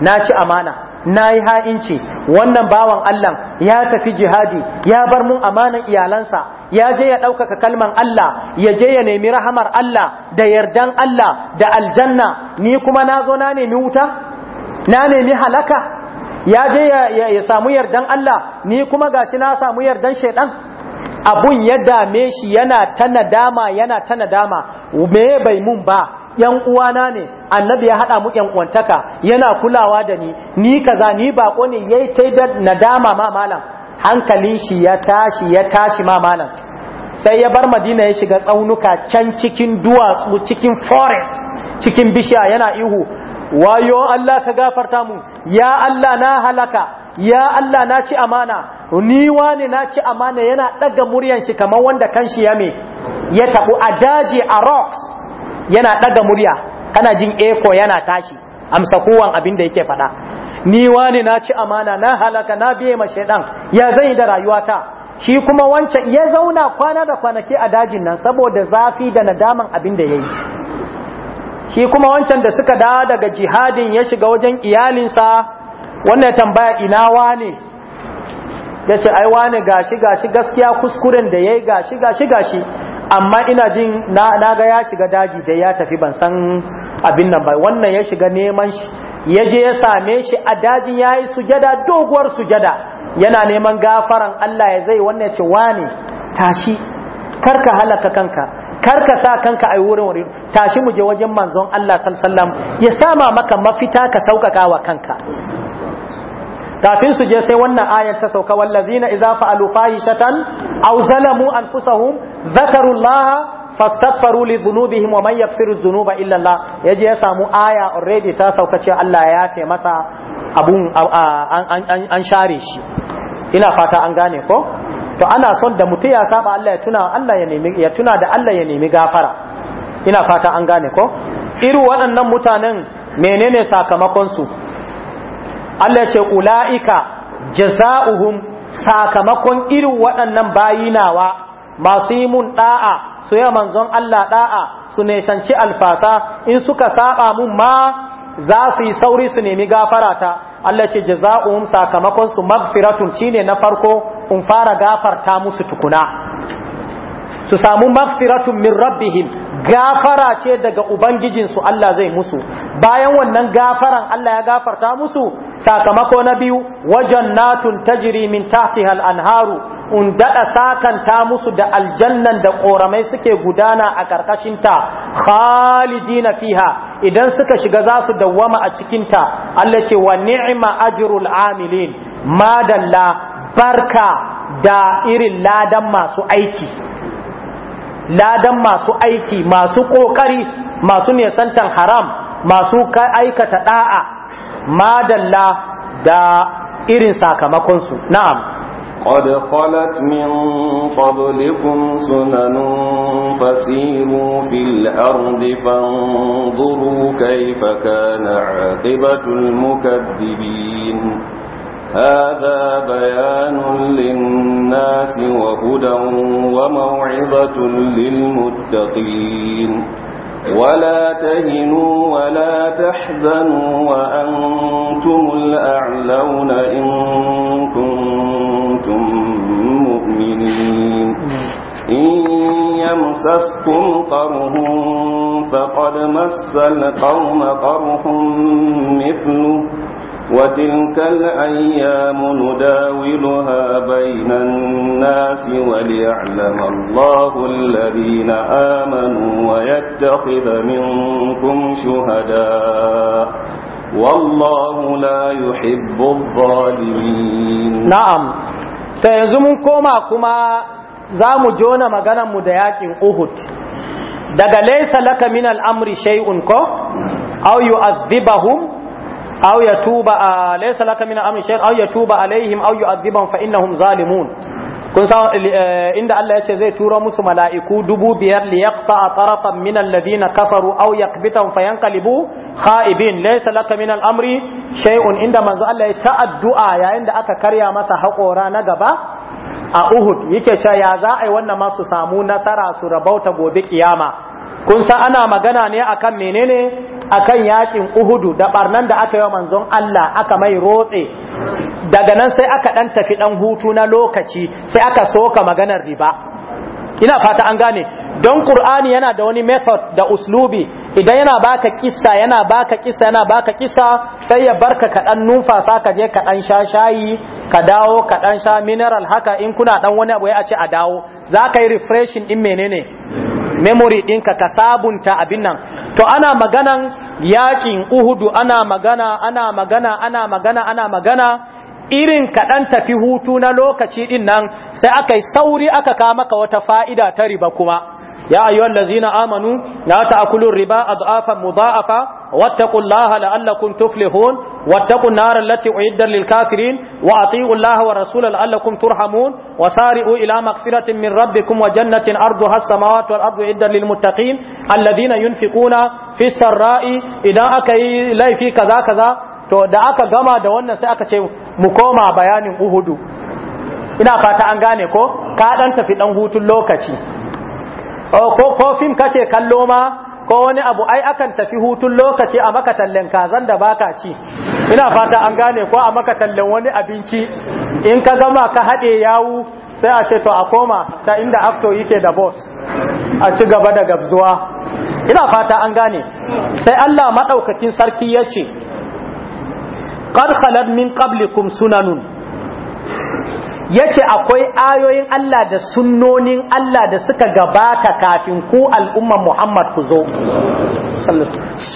na ci amana na yi ha'inci wannan bawan Allah ya tafi jihadi ya bar mun amanan iyalansa ya je ya ɗaukaka kalman Allah ya je ya nemi rahamar Allah da yardan Allah da aljanna ni kuma na zo na nemi wuta na nemi halaka ya je ya samu yardan Allah ni kuma gashi na samu yardan shaidan abun ya dame shi yana ta nadama yana ta nadama me bai mun ba yan uwana ne annabi ya haɗa mu yan uwantaka yana kulawa da ni ni kaza ni bako ne yayi tai da nadama ma malam hankalin shi ya tashi ya tashi ma malam sai ya bar madina ya shiga tsaunuka can cikin duwatsu cikin forest cikin bishiya yana ihu wayo Allah ka gafarta mu ya Allah na halaka ya Allah na ci amana ni wani na ci amana yana daga muryan shi kamar wanda kanshi ya me ya tabu a daji a rocks yana ɗaga murya kana jin eko yana tashi amsa kowan abin da yake faɗa ni wani na ci amana na halaka na biye ma shaidan ya zai da rayuwata shi kuma wancan ya zauna kwana da kwanaki a dajin nan saboda zafi da nadaman abin da ya yi shi kuma wancan da suka dawo daga jihadin ya shiga wajen iyalinsa wannan tambaya ina wane ya ai wane gashi gashi gaskiya kuskuren da ya yi gashi gashi gashi amma ina jin na ga ya shiga daji da ya tafi ban san abin nan ba wannan ya shiga neman shi ya je ya same shi a dajin ya yi sujada doguwar sujada yana neman gafaran Allah ya zai wannan ya ce wane tashi karka halaka kanka karka sa kanka a wurin wurin tashi mu je wajen manzon Allah sallallahu ya sama maka mafita ka sauƙaƙa wa kanka kafin su je sai wannan ayar ta sauka wallazina idza fa'alu fahishatan aw zalamu anfusahum dhakaru allaha fastaghfaru li dhunubihim wa man yaghfiru dhunuba illa Allah yaje ya samu aya already ta sauka cewa Allah ya yafe masa abun an share shi ina fata an gane ko to ana son da mutum ya saba Allah ya tuna Allah ya nemi ya tuna da Allah ya nemi gafara ina fata an gane ko irin waɗannan mutanen menene sakamakon su Allah ce ula'ika jaza'uhun sakamakon irin waɗannan bayinawa masu yi mun ɗa'a su yi manzon Allah ɗa'a su nesanci alfasa in suka saɓa mun ma za su yi sauri su nemi gafarata Allah ce jaza'uhun sakamakon su magfiratun shine na farko in fara gafarta musu tukuna su samu magfiratun min rabbihim gafara ce daga ubangijinsu Allah zai musu bayan wannan gafaran Allah ya gafarta musu sakamako na biyu wajannatun tajri min tahtiha al-anharu un satan ta musu da aljannan da ƙoramai suke gudana a ƙarƙashinta khalidina fiha idan suka shiga za su dawwama a cikinta Allah ce wa ni'ma ajrul amilin madalla barka da irin ladan masu aiki ladan masu aiki masu ƙoƙari masu nesantan haram masu aikata ɗa'a madalla da irin sakamakonsu na'am قد خلت من قبلكم سنن فسيروا في الأرض فانظروا كيف كان عاقبة المكذبين هذا بيان للناس وهدى وموعظة للمتقين ولا تهنوا ولا تحزنوا وأنتم الأعلون إن كنتم مؤمنين إن يمسسكم قره فقد مس القوم قره مثله وتلك الأيام نداولها بين الناس وليعلم الله الذين آمنوا ويتخذ منكم شهداء والله لا يحب الظالمين نعم تيزم كما كما زام جونا مغانا مدياك أهد daga laysa laka min al-amri shay'un ko aw yu'adhibahum aw yatuba laysa laka min amri shay'un aw yatuba alaihim aw yu'adhibahum fa innahum kun san inda Allah ya ce zai tura musu mala'iku dubu biyar li a tarafan min alladhina kafaru aw yaqbitan fayanqalibu khaibin laysa laka min amri shay'un inda manzo Allah ya ta addu'a yayin da aka karya masa haƙora na gaba a Uhud yake cewa ya za a yi wannan masu samu nasara su rabauta gobe kiyama kun san ana magana ne akan menene akan yakin uhudu da barnan da aka yi wa manzon Allah aka mai rotse daga nan sai aka dan tafi dan hutu na lokaci sai aka soka maganar riba ina fata an gane don Qur'ani yana da wani method da uslubi idan yana baka kissa yana baka kissa yana baka kissa sai ya barka ka dan numfasa ka je ka dan sha shayi ka dawo ka dan sha mineral haka in kuna dan wani abu ya ce a dawo zaka yi refreshing din menene memory ɗinka ka sabunta abin nan to ana maganan yakin uhudu ana magana ana magana ana magana ana magana irin kaɗan tafi hutu na lokaci ɗin nan sai aka yi sauri aka kama ka wata fa'ida ta riba kuma ya ayyuhal ladzina amanu la kulun riba adhafa mudha'afa wattaqu allaha la'allakum tuflihun wattaqu an-nar allati u'iddat lil kafirin wa ati'u allaha wa rasulahu la'allakum turhamun wa sari'u ila maghfiratin min rabbikum wa jannatin arduha as-samawati wal ardu u'iddat lil muttaqin alladhina yunfiquna fi sarra'i idan akai laifi kaza kaza to da aka gama da wannan sai aka ce mu koma bayanin uhudu ina fata an gane ko ka dan tafi ɗan hutun lokaci Oh, ko kofin kake kallo ma ko wani abu ai akan tafi hutun lokaci a maka tallan kazan da baka ci ina fata an gane ko a maka tallan wani abinci in ka gama ka haɗe yawu sai a ce to a koma ta inda afto yake da boss a ci gaba da gabzuwa ina fata an gane sai Allah madaukakin sarki ya ce qad khalat min qablikum sunanun Ya ce akwai ayoyin Allah da sunnonin Allah da suka gabata kafin ku al'umman Muhammad ku zo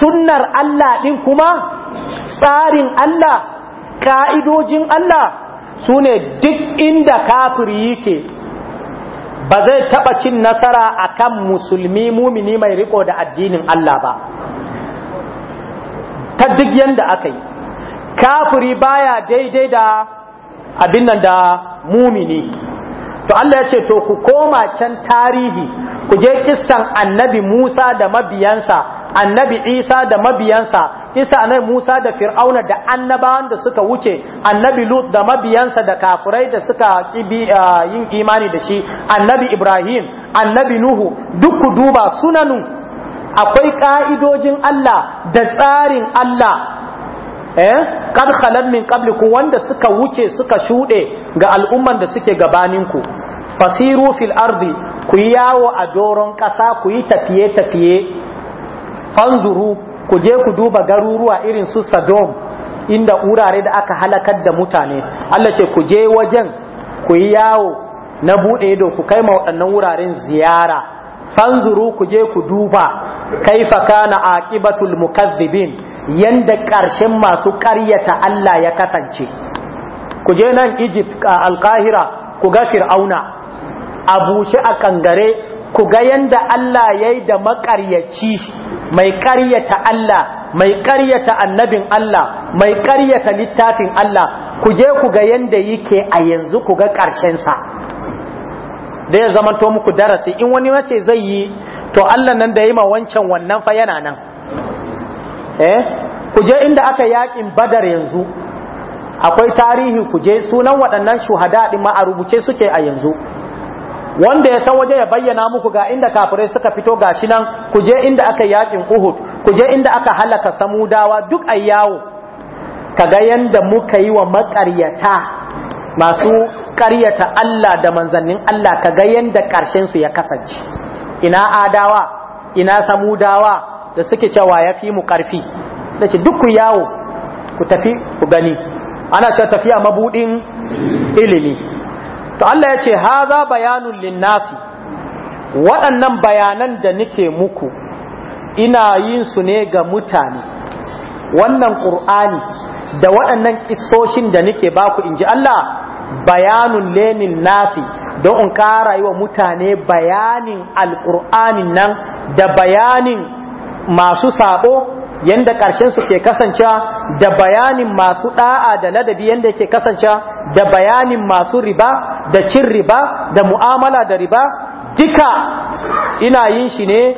sunnar Allah ɗin kuma tsarin Allah ka'idojin Allah sune duk inda kafiri yake ba zai taɓa cin nasara akan musulmi mumini mai riko da addinin Allah ba ta duk yanda aka yi kafiri baya daidai da abin nan da mumini to Allah ya ce to ku koma can tarihi ku je kissan annabi Musa da mabiyansa annabi Isa da mabiyansa isa annabi Musa da Fir'auna da annabawan da suka wuce annabi Lut da mabiyansa da kafurai da suka kibi yin imani da shi annabi Ibrahim annabi Nuhu duk ku duba sunanu akwai ka'idojin Allah da tsarin Allah eh kad khalan min qablikum wanda suka wuce suka shude ga al'umman da suke gabaninku fasiru fil ardi ku yawo a doron kasa ku yi tafiye tafiye fanzuru ku je ku duba garuruwa irin su sadom inda urare da aka halakar da mutane Allah ce ku je wajen ku yi yawo na bude ido ku kai ma waɗannan wuraren ziyara fanzuru ku je ku duba kaifa kana aqibatul mukazzibin yanda ƙarshen masu ƙaryata Allah ya kasance ku je nan Egypt a alkahira ku ga fir'auna a bushe a kangare ku ga yanda Allah ya yi da maƙaryaci mai ƙaryata Allah mai ƙaryata annabin Allah mai ƙaryata littafin Allah ku je ku ga yanda yake a yanzu ku ga ƙarshensa da ya zamanto muku darasi in wani mace zai yi to Allah nan da yi ma wancan wannan fa yana nan eh ku je inda aka yakin badar yanzu akwai tarihi kuje sunan waɗannan shuhada din ma a rubuce suke a yanzu wanda ya san waje ya bayyana muku ga inda kafirai suka fito gashi nan ku je inda aka yakin Uhud ku je inda aka halaka samudawa duk a yawo kaga yanda muka yi wa maƙaryata masu ƙaryata Allah da manzannin Allah kaga yanda ƙarshen su ya kasance ina adawa ina samudawa da suke cewa ya fi mu karfi da ce duk ku yawo ku tafi ku gani ana ta tafiya mabudin ilimi to Allah ya ce haza bayanun linnasi waɗannan bayanan da nike muku ina yin su ne ga mutane wannan ƙur'ani da waɗannan ƙisoshin da nike baku in ji Allah bayanun lenin nasi don in ƙara yi wa mutane bayanin alƙur'anin nan da bayanin masu sabo yanda ƙarshen su ke kasancewa da bayanin masu da'a da ladabi yanda ke kasancewa da bayanin masu riba da cin riba da mu'amala da riba dika, ina yin shi ne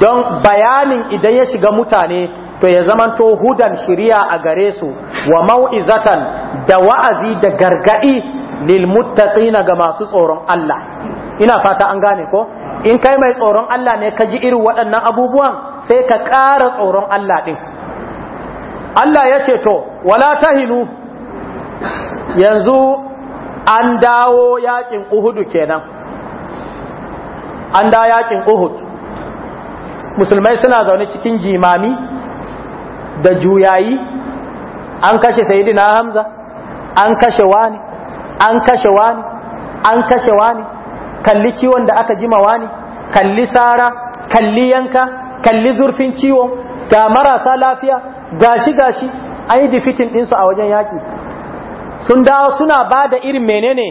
don bayanin idan ya shiga mutane to ya to hudan shiriya a gare su wa mau'izatan da wa'azi da gargadi lil muttaqina ga masu tsoron Allah ina fata an gane ko in kai mai tsoron Allah ne ka ji irin waɗannan abubuwan sai ka ƙara tsoron Allah ɗin Allah ya ce to wala ta hinu yanzu an dawo yaƙin uhudu kenan an da yaƙin uhud musulmai suna zaune cikin jimami da juyayi an kashe sayidina hamza an kashe wani an kashe wani an kashe wani kalli ciwon da aka jima wani kalli sara kalli yanka kalli zurfin ciwo ga marasa lafiya gashi gashi an yi difitin ɗinsu a wajen yaƙi sun dawo suna ba da irin menene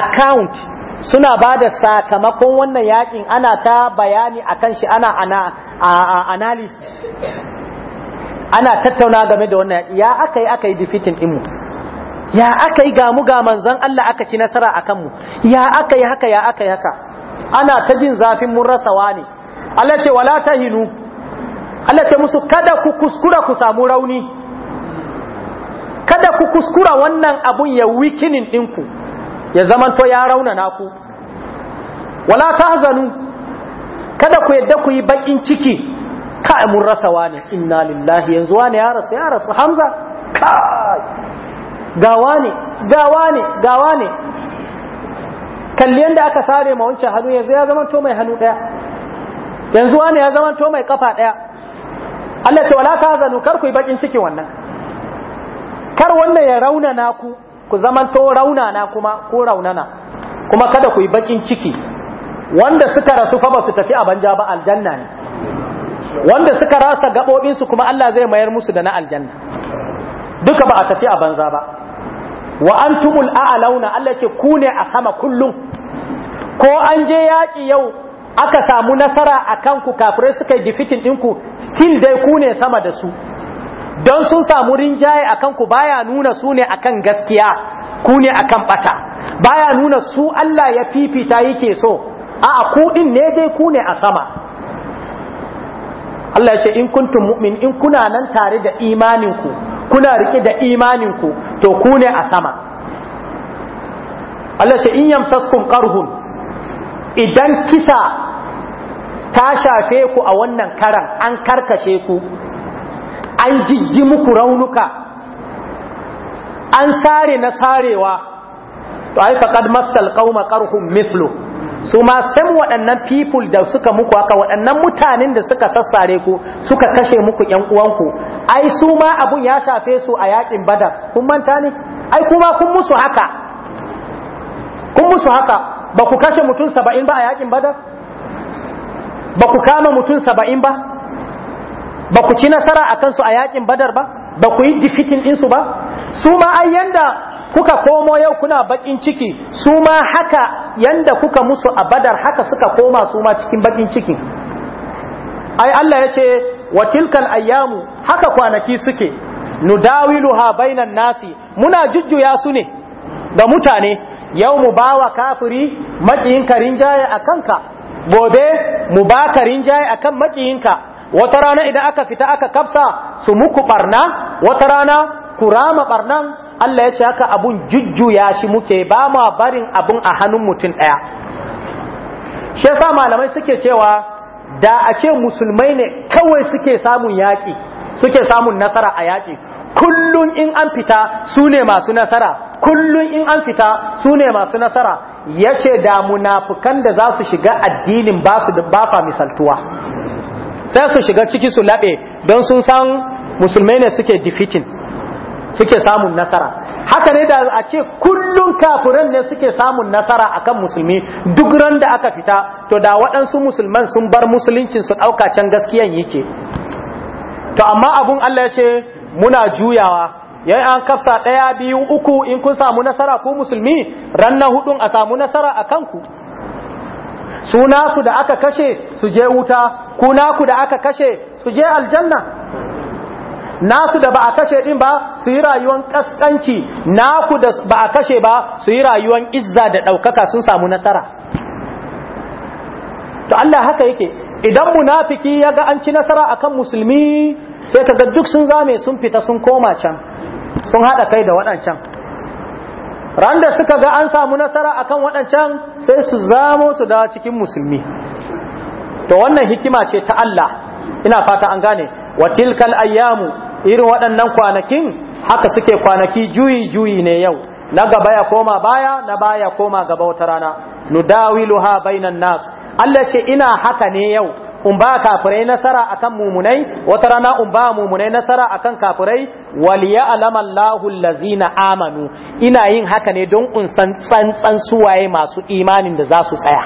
account suna ba da sakamakon wannan yaƙin ana ta bayani a kan shi ana analysis ana tattauna game da wannan ya aka yi aka yi difitin ɗinmu ya aka yi gamu ga manzon Allah aka ci nasara a kanmu ya aka yi haka ya aka yi haka ana ta jin zafin mun rasawa ne Allah ce wala tahinu Allah ce musu kada ku kuskura ku samu rauni kada ku kuskura wannan abun ya wikinin ɗinku ya zamanto ya rauna ku wala tahzanu kada ku yadda ku yi bakin ciki ka mun rasa wani inna lillahi yanzu wani ya rasu ya rasu hamza kai gawa ne gawa ne gawa ne kalli yadda aka sare ma wancan hannu yanzu ya zama to mai hannu daya. yanzu wani ya zama to mai kafa daya. Allah ce wala ka zanu kar ku yi bakin ciki wannan kar wannan ya raunana ku ku zaman to raunana kuma ko raunana kuma kada ku yi bakin ciki wanda suka rasu fa ba su tafi a banja ba aljanna ne wanda suka rasa gaɓoɓinsu kuma Allah zai mayar musu da na aljanna duka ba a tafi a banza ba wa antumul a'launa Allah ce ku ne a sama kullum ko an je yaki yau aka samu nasara a kanku kafirai suka yi din ɗinku still dai ku ne sama da su don sun samu rinjaye a kanku baya nuna su ne akan gaskiya ku ne akan bata baya nuna su Allah ya fifita yake so a'a ku din ne dai ku ne a sama Allah ya ce in kuntum mu'min in kuna nan tare da imanin ku kuna rike da imanin ku to ku ne a sama Allah ce in yamsaskum qarhun idan kisa ta shafe ku a wannan karan an karkashe ku an jijji muku raunuka an sare na sarewa to ai faqad massal qauma qarhum mithlu su ma san waɗannan people da suka muku haka waɗannan mutanen da suka sassare ku suka kashe muku ƴan uwanku ai su ma abun ya shafe su a yakin badar kun manta ne ai kuma kun musu haka kun musu haka ba ku kashe mutum saba'in ba a yakin badar ba ku kama mutum saba'in ba ba ku ci nasara a kansu a yakin badar ba ba ku yi difitin ɗinsu ba su ma ai yanda kuka komo yau kuna bakin ciki su ma haka yanda kuka musu a badar haka suka koma su ma cikin bakin ciki ai Allah ya ce wa tilkal ayyamu haka kwanaki suke nudawiluha bainan nasi muna jujjuya su ne da mutane yau mu bawa kafiri makiyin karin jaye a kanka gobe mu ba karin jaye akan makiyinka wata rana idan aka fita aka kafsa su muku barna wata rana ku rama barnan Allah ya ce haka abun jujjuya shi muke ba ma barin abun a hannun mutum ɗaya shi yasa malamai suke cewa da a ce musulmai ne kawai suke samun yaƙi suke samun nasara a yaƙi kullum in an fita su ne masu nasara kullum in an fita su ne masu nasara ya ce da munafukan da za su shiga addinin ba su ba fa misaltuwa sai su shiga ciki su laɓe don sun san musulmai ne suke defeating suke samun nasara haka ne da a ce kullum kafiran ne suke samun nasara akan musulmi duk ran da aka fita to da waɗansu musulman sun bar musuluncin su ɗauka can gaskiyan yake to amma abun Allah ya ce muna juyawa yayin an kafsa ɗaya biyu uku in kun samu nasara ku musulmi ran na hudun a samu nasara a kanku suna su da aka kashe su je wuta kuna ku da aka kashe su je aljanna nasu da ba a kashe din ba su yi rayuwan kaskanci naku da ba a kashe ba su yi rayuwan izza da ɗaukaka sun samu nasara to Allah haka yake idan munafiki ya ga an ci nasara akan musulmi sai kaga duk sun zame sun fita sun koma can sun haɗa kai da waɗancan ran da suka ga an samu nasara akan waɗancan sai su zamo su da cikin musulmi to wannan hikima ce ta Allah ina fata an gane wa tilkal ayyamu irin waɗannan kwanakin haka suke kwanaki juyi juyi ne yau na gaba ya koma baya na baya koma gaba wata rana ha bainan nas Allah ce ina haka ne yau in ba kafirai nasara akan mumunai wata rana in ba mumunai nasara akan kafirai waliya Allahu allazina amanu ina yin haka ne don in san tsantsan suwaye masu imanin da za su tsaya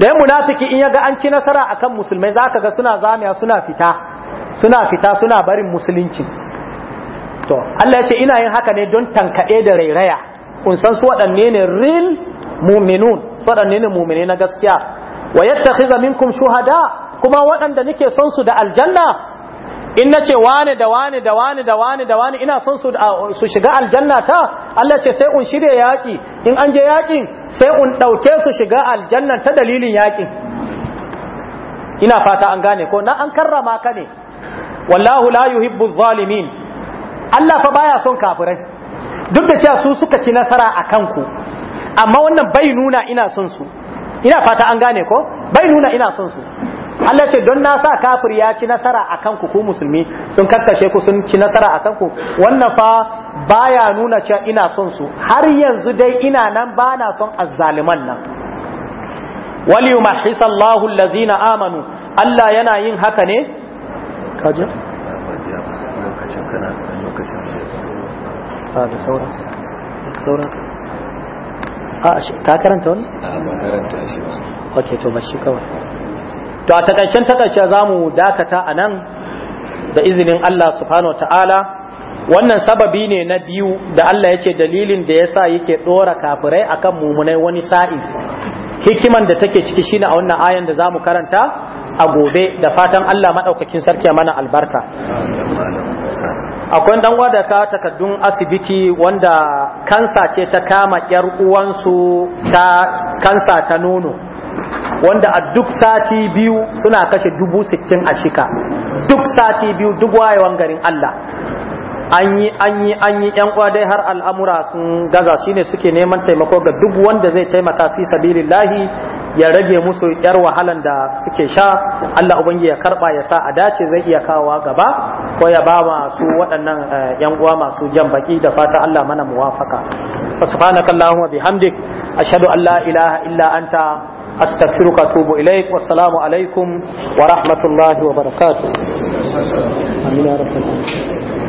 da munafiki in ya ga an ci nasara akan musulmai zaka ga suna zamiya suna fita suna fita suna barin musulunci to Allah ya ce ina yin haka ne don tankaɗe da rairaya kun san su waɗanne ne real mu'minun waɗanne ne mu'mine na gaskiya wa yattakhidha minkum shuhada kuma waɗanda nake son su da aljanna in nace wane da wane da wane da wane da wane ina son su shiga aljanna ta Allah ce sai un shirya yaƙi in an je yaƙin sai un ɗauke su shiga aljanna ta dalilin yaƙin ina fata an gane ko na an karrama ka ne wallahu la yuhibbu zalimin Allah fa baya son kafirai duk da cewa su suka ci nasara a kanku amma wannan bai nuna ina son su ina fata an gane ko bai nuna ina son su Allah ce don na sa kafir ya ci nasara a kanku ku musulmi sun karkashe ku sun ci nasara a kanku wannan fa baya nuna cewa ina son su har yanzu dai ina nan ba na son azzaliman nan wal yumahhisallahu allazina amanu Allah yana yin haka ne da to a takaicen takaice za dakata a nan da izinin Allah subhanahu wa ta'ala wannan sababi ne na biyu da Allah ya dalilin da ya sa yake ɗora kafirai akan mummunai wani sa'i. hikiman da take ciki shine a wannan ayan da zamu karanta a gobe da fatan Allah madaukakin sarki mana albarka akwai dan gwada ka takaddun asibiti wanda kansa ce ta kama yar uwansu ta kansa ta nono wanda a duk sati biyu suna kashe dubu sittin a shika duk sati biyu duk wayewan garin Allah an yi an yi an yi yan dai har al'amura sun gaza shine suke neman taimako ga duk wanda zai taimaka fi sabilillahi ya rage musu yar wahalan da suke sha Allah ubangi ya karba ya sa a dace zai iya kawowa gaba ko ya ba masu waɗannan eh, yan uwa masu jan baki da fata Allah mana muwafaka wa bihamdik ashhadu an la ilaha illa anta أستغفرك أتوب إليك والسلام عليكم ورحمة الله وبركاته. آمين يا رب العالمين.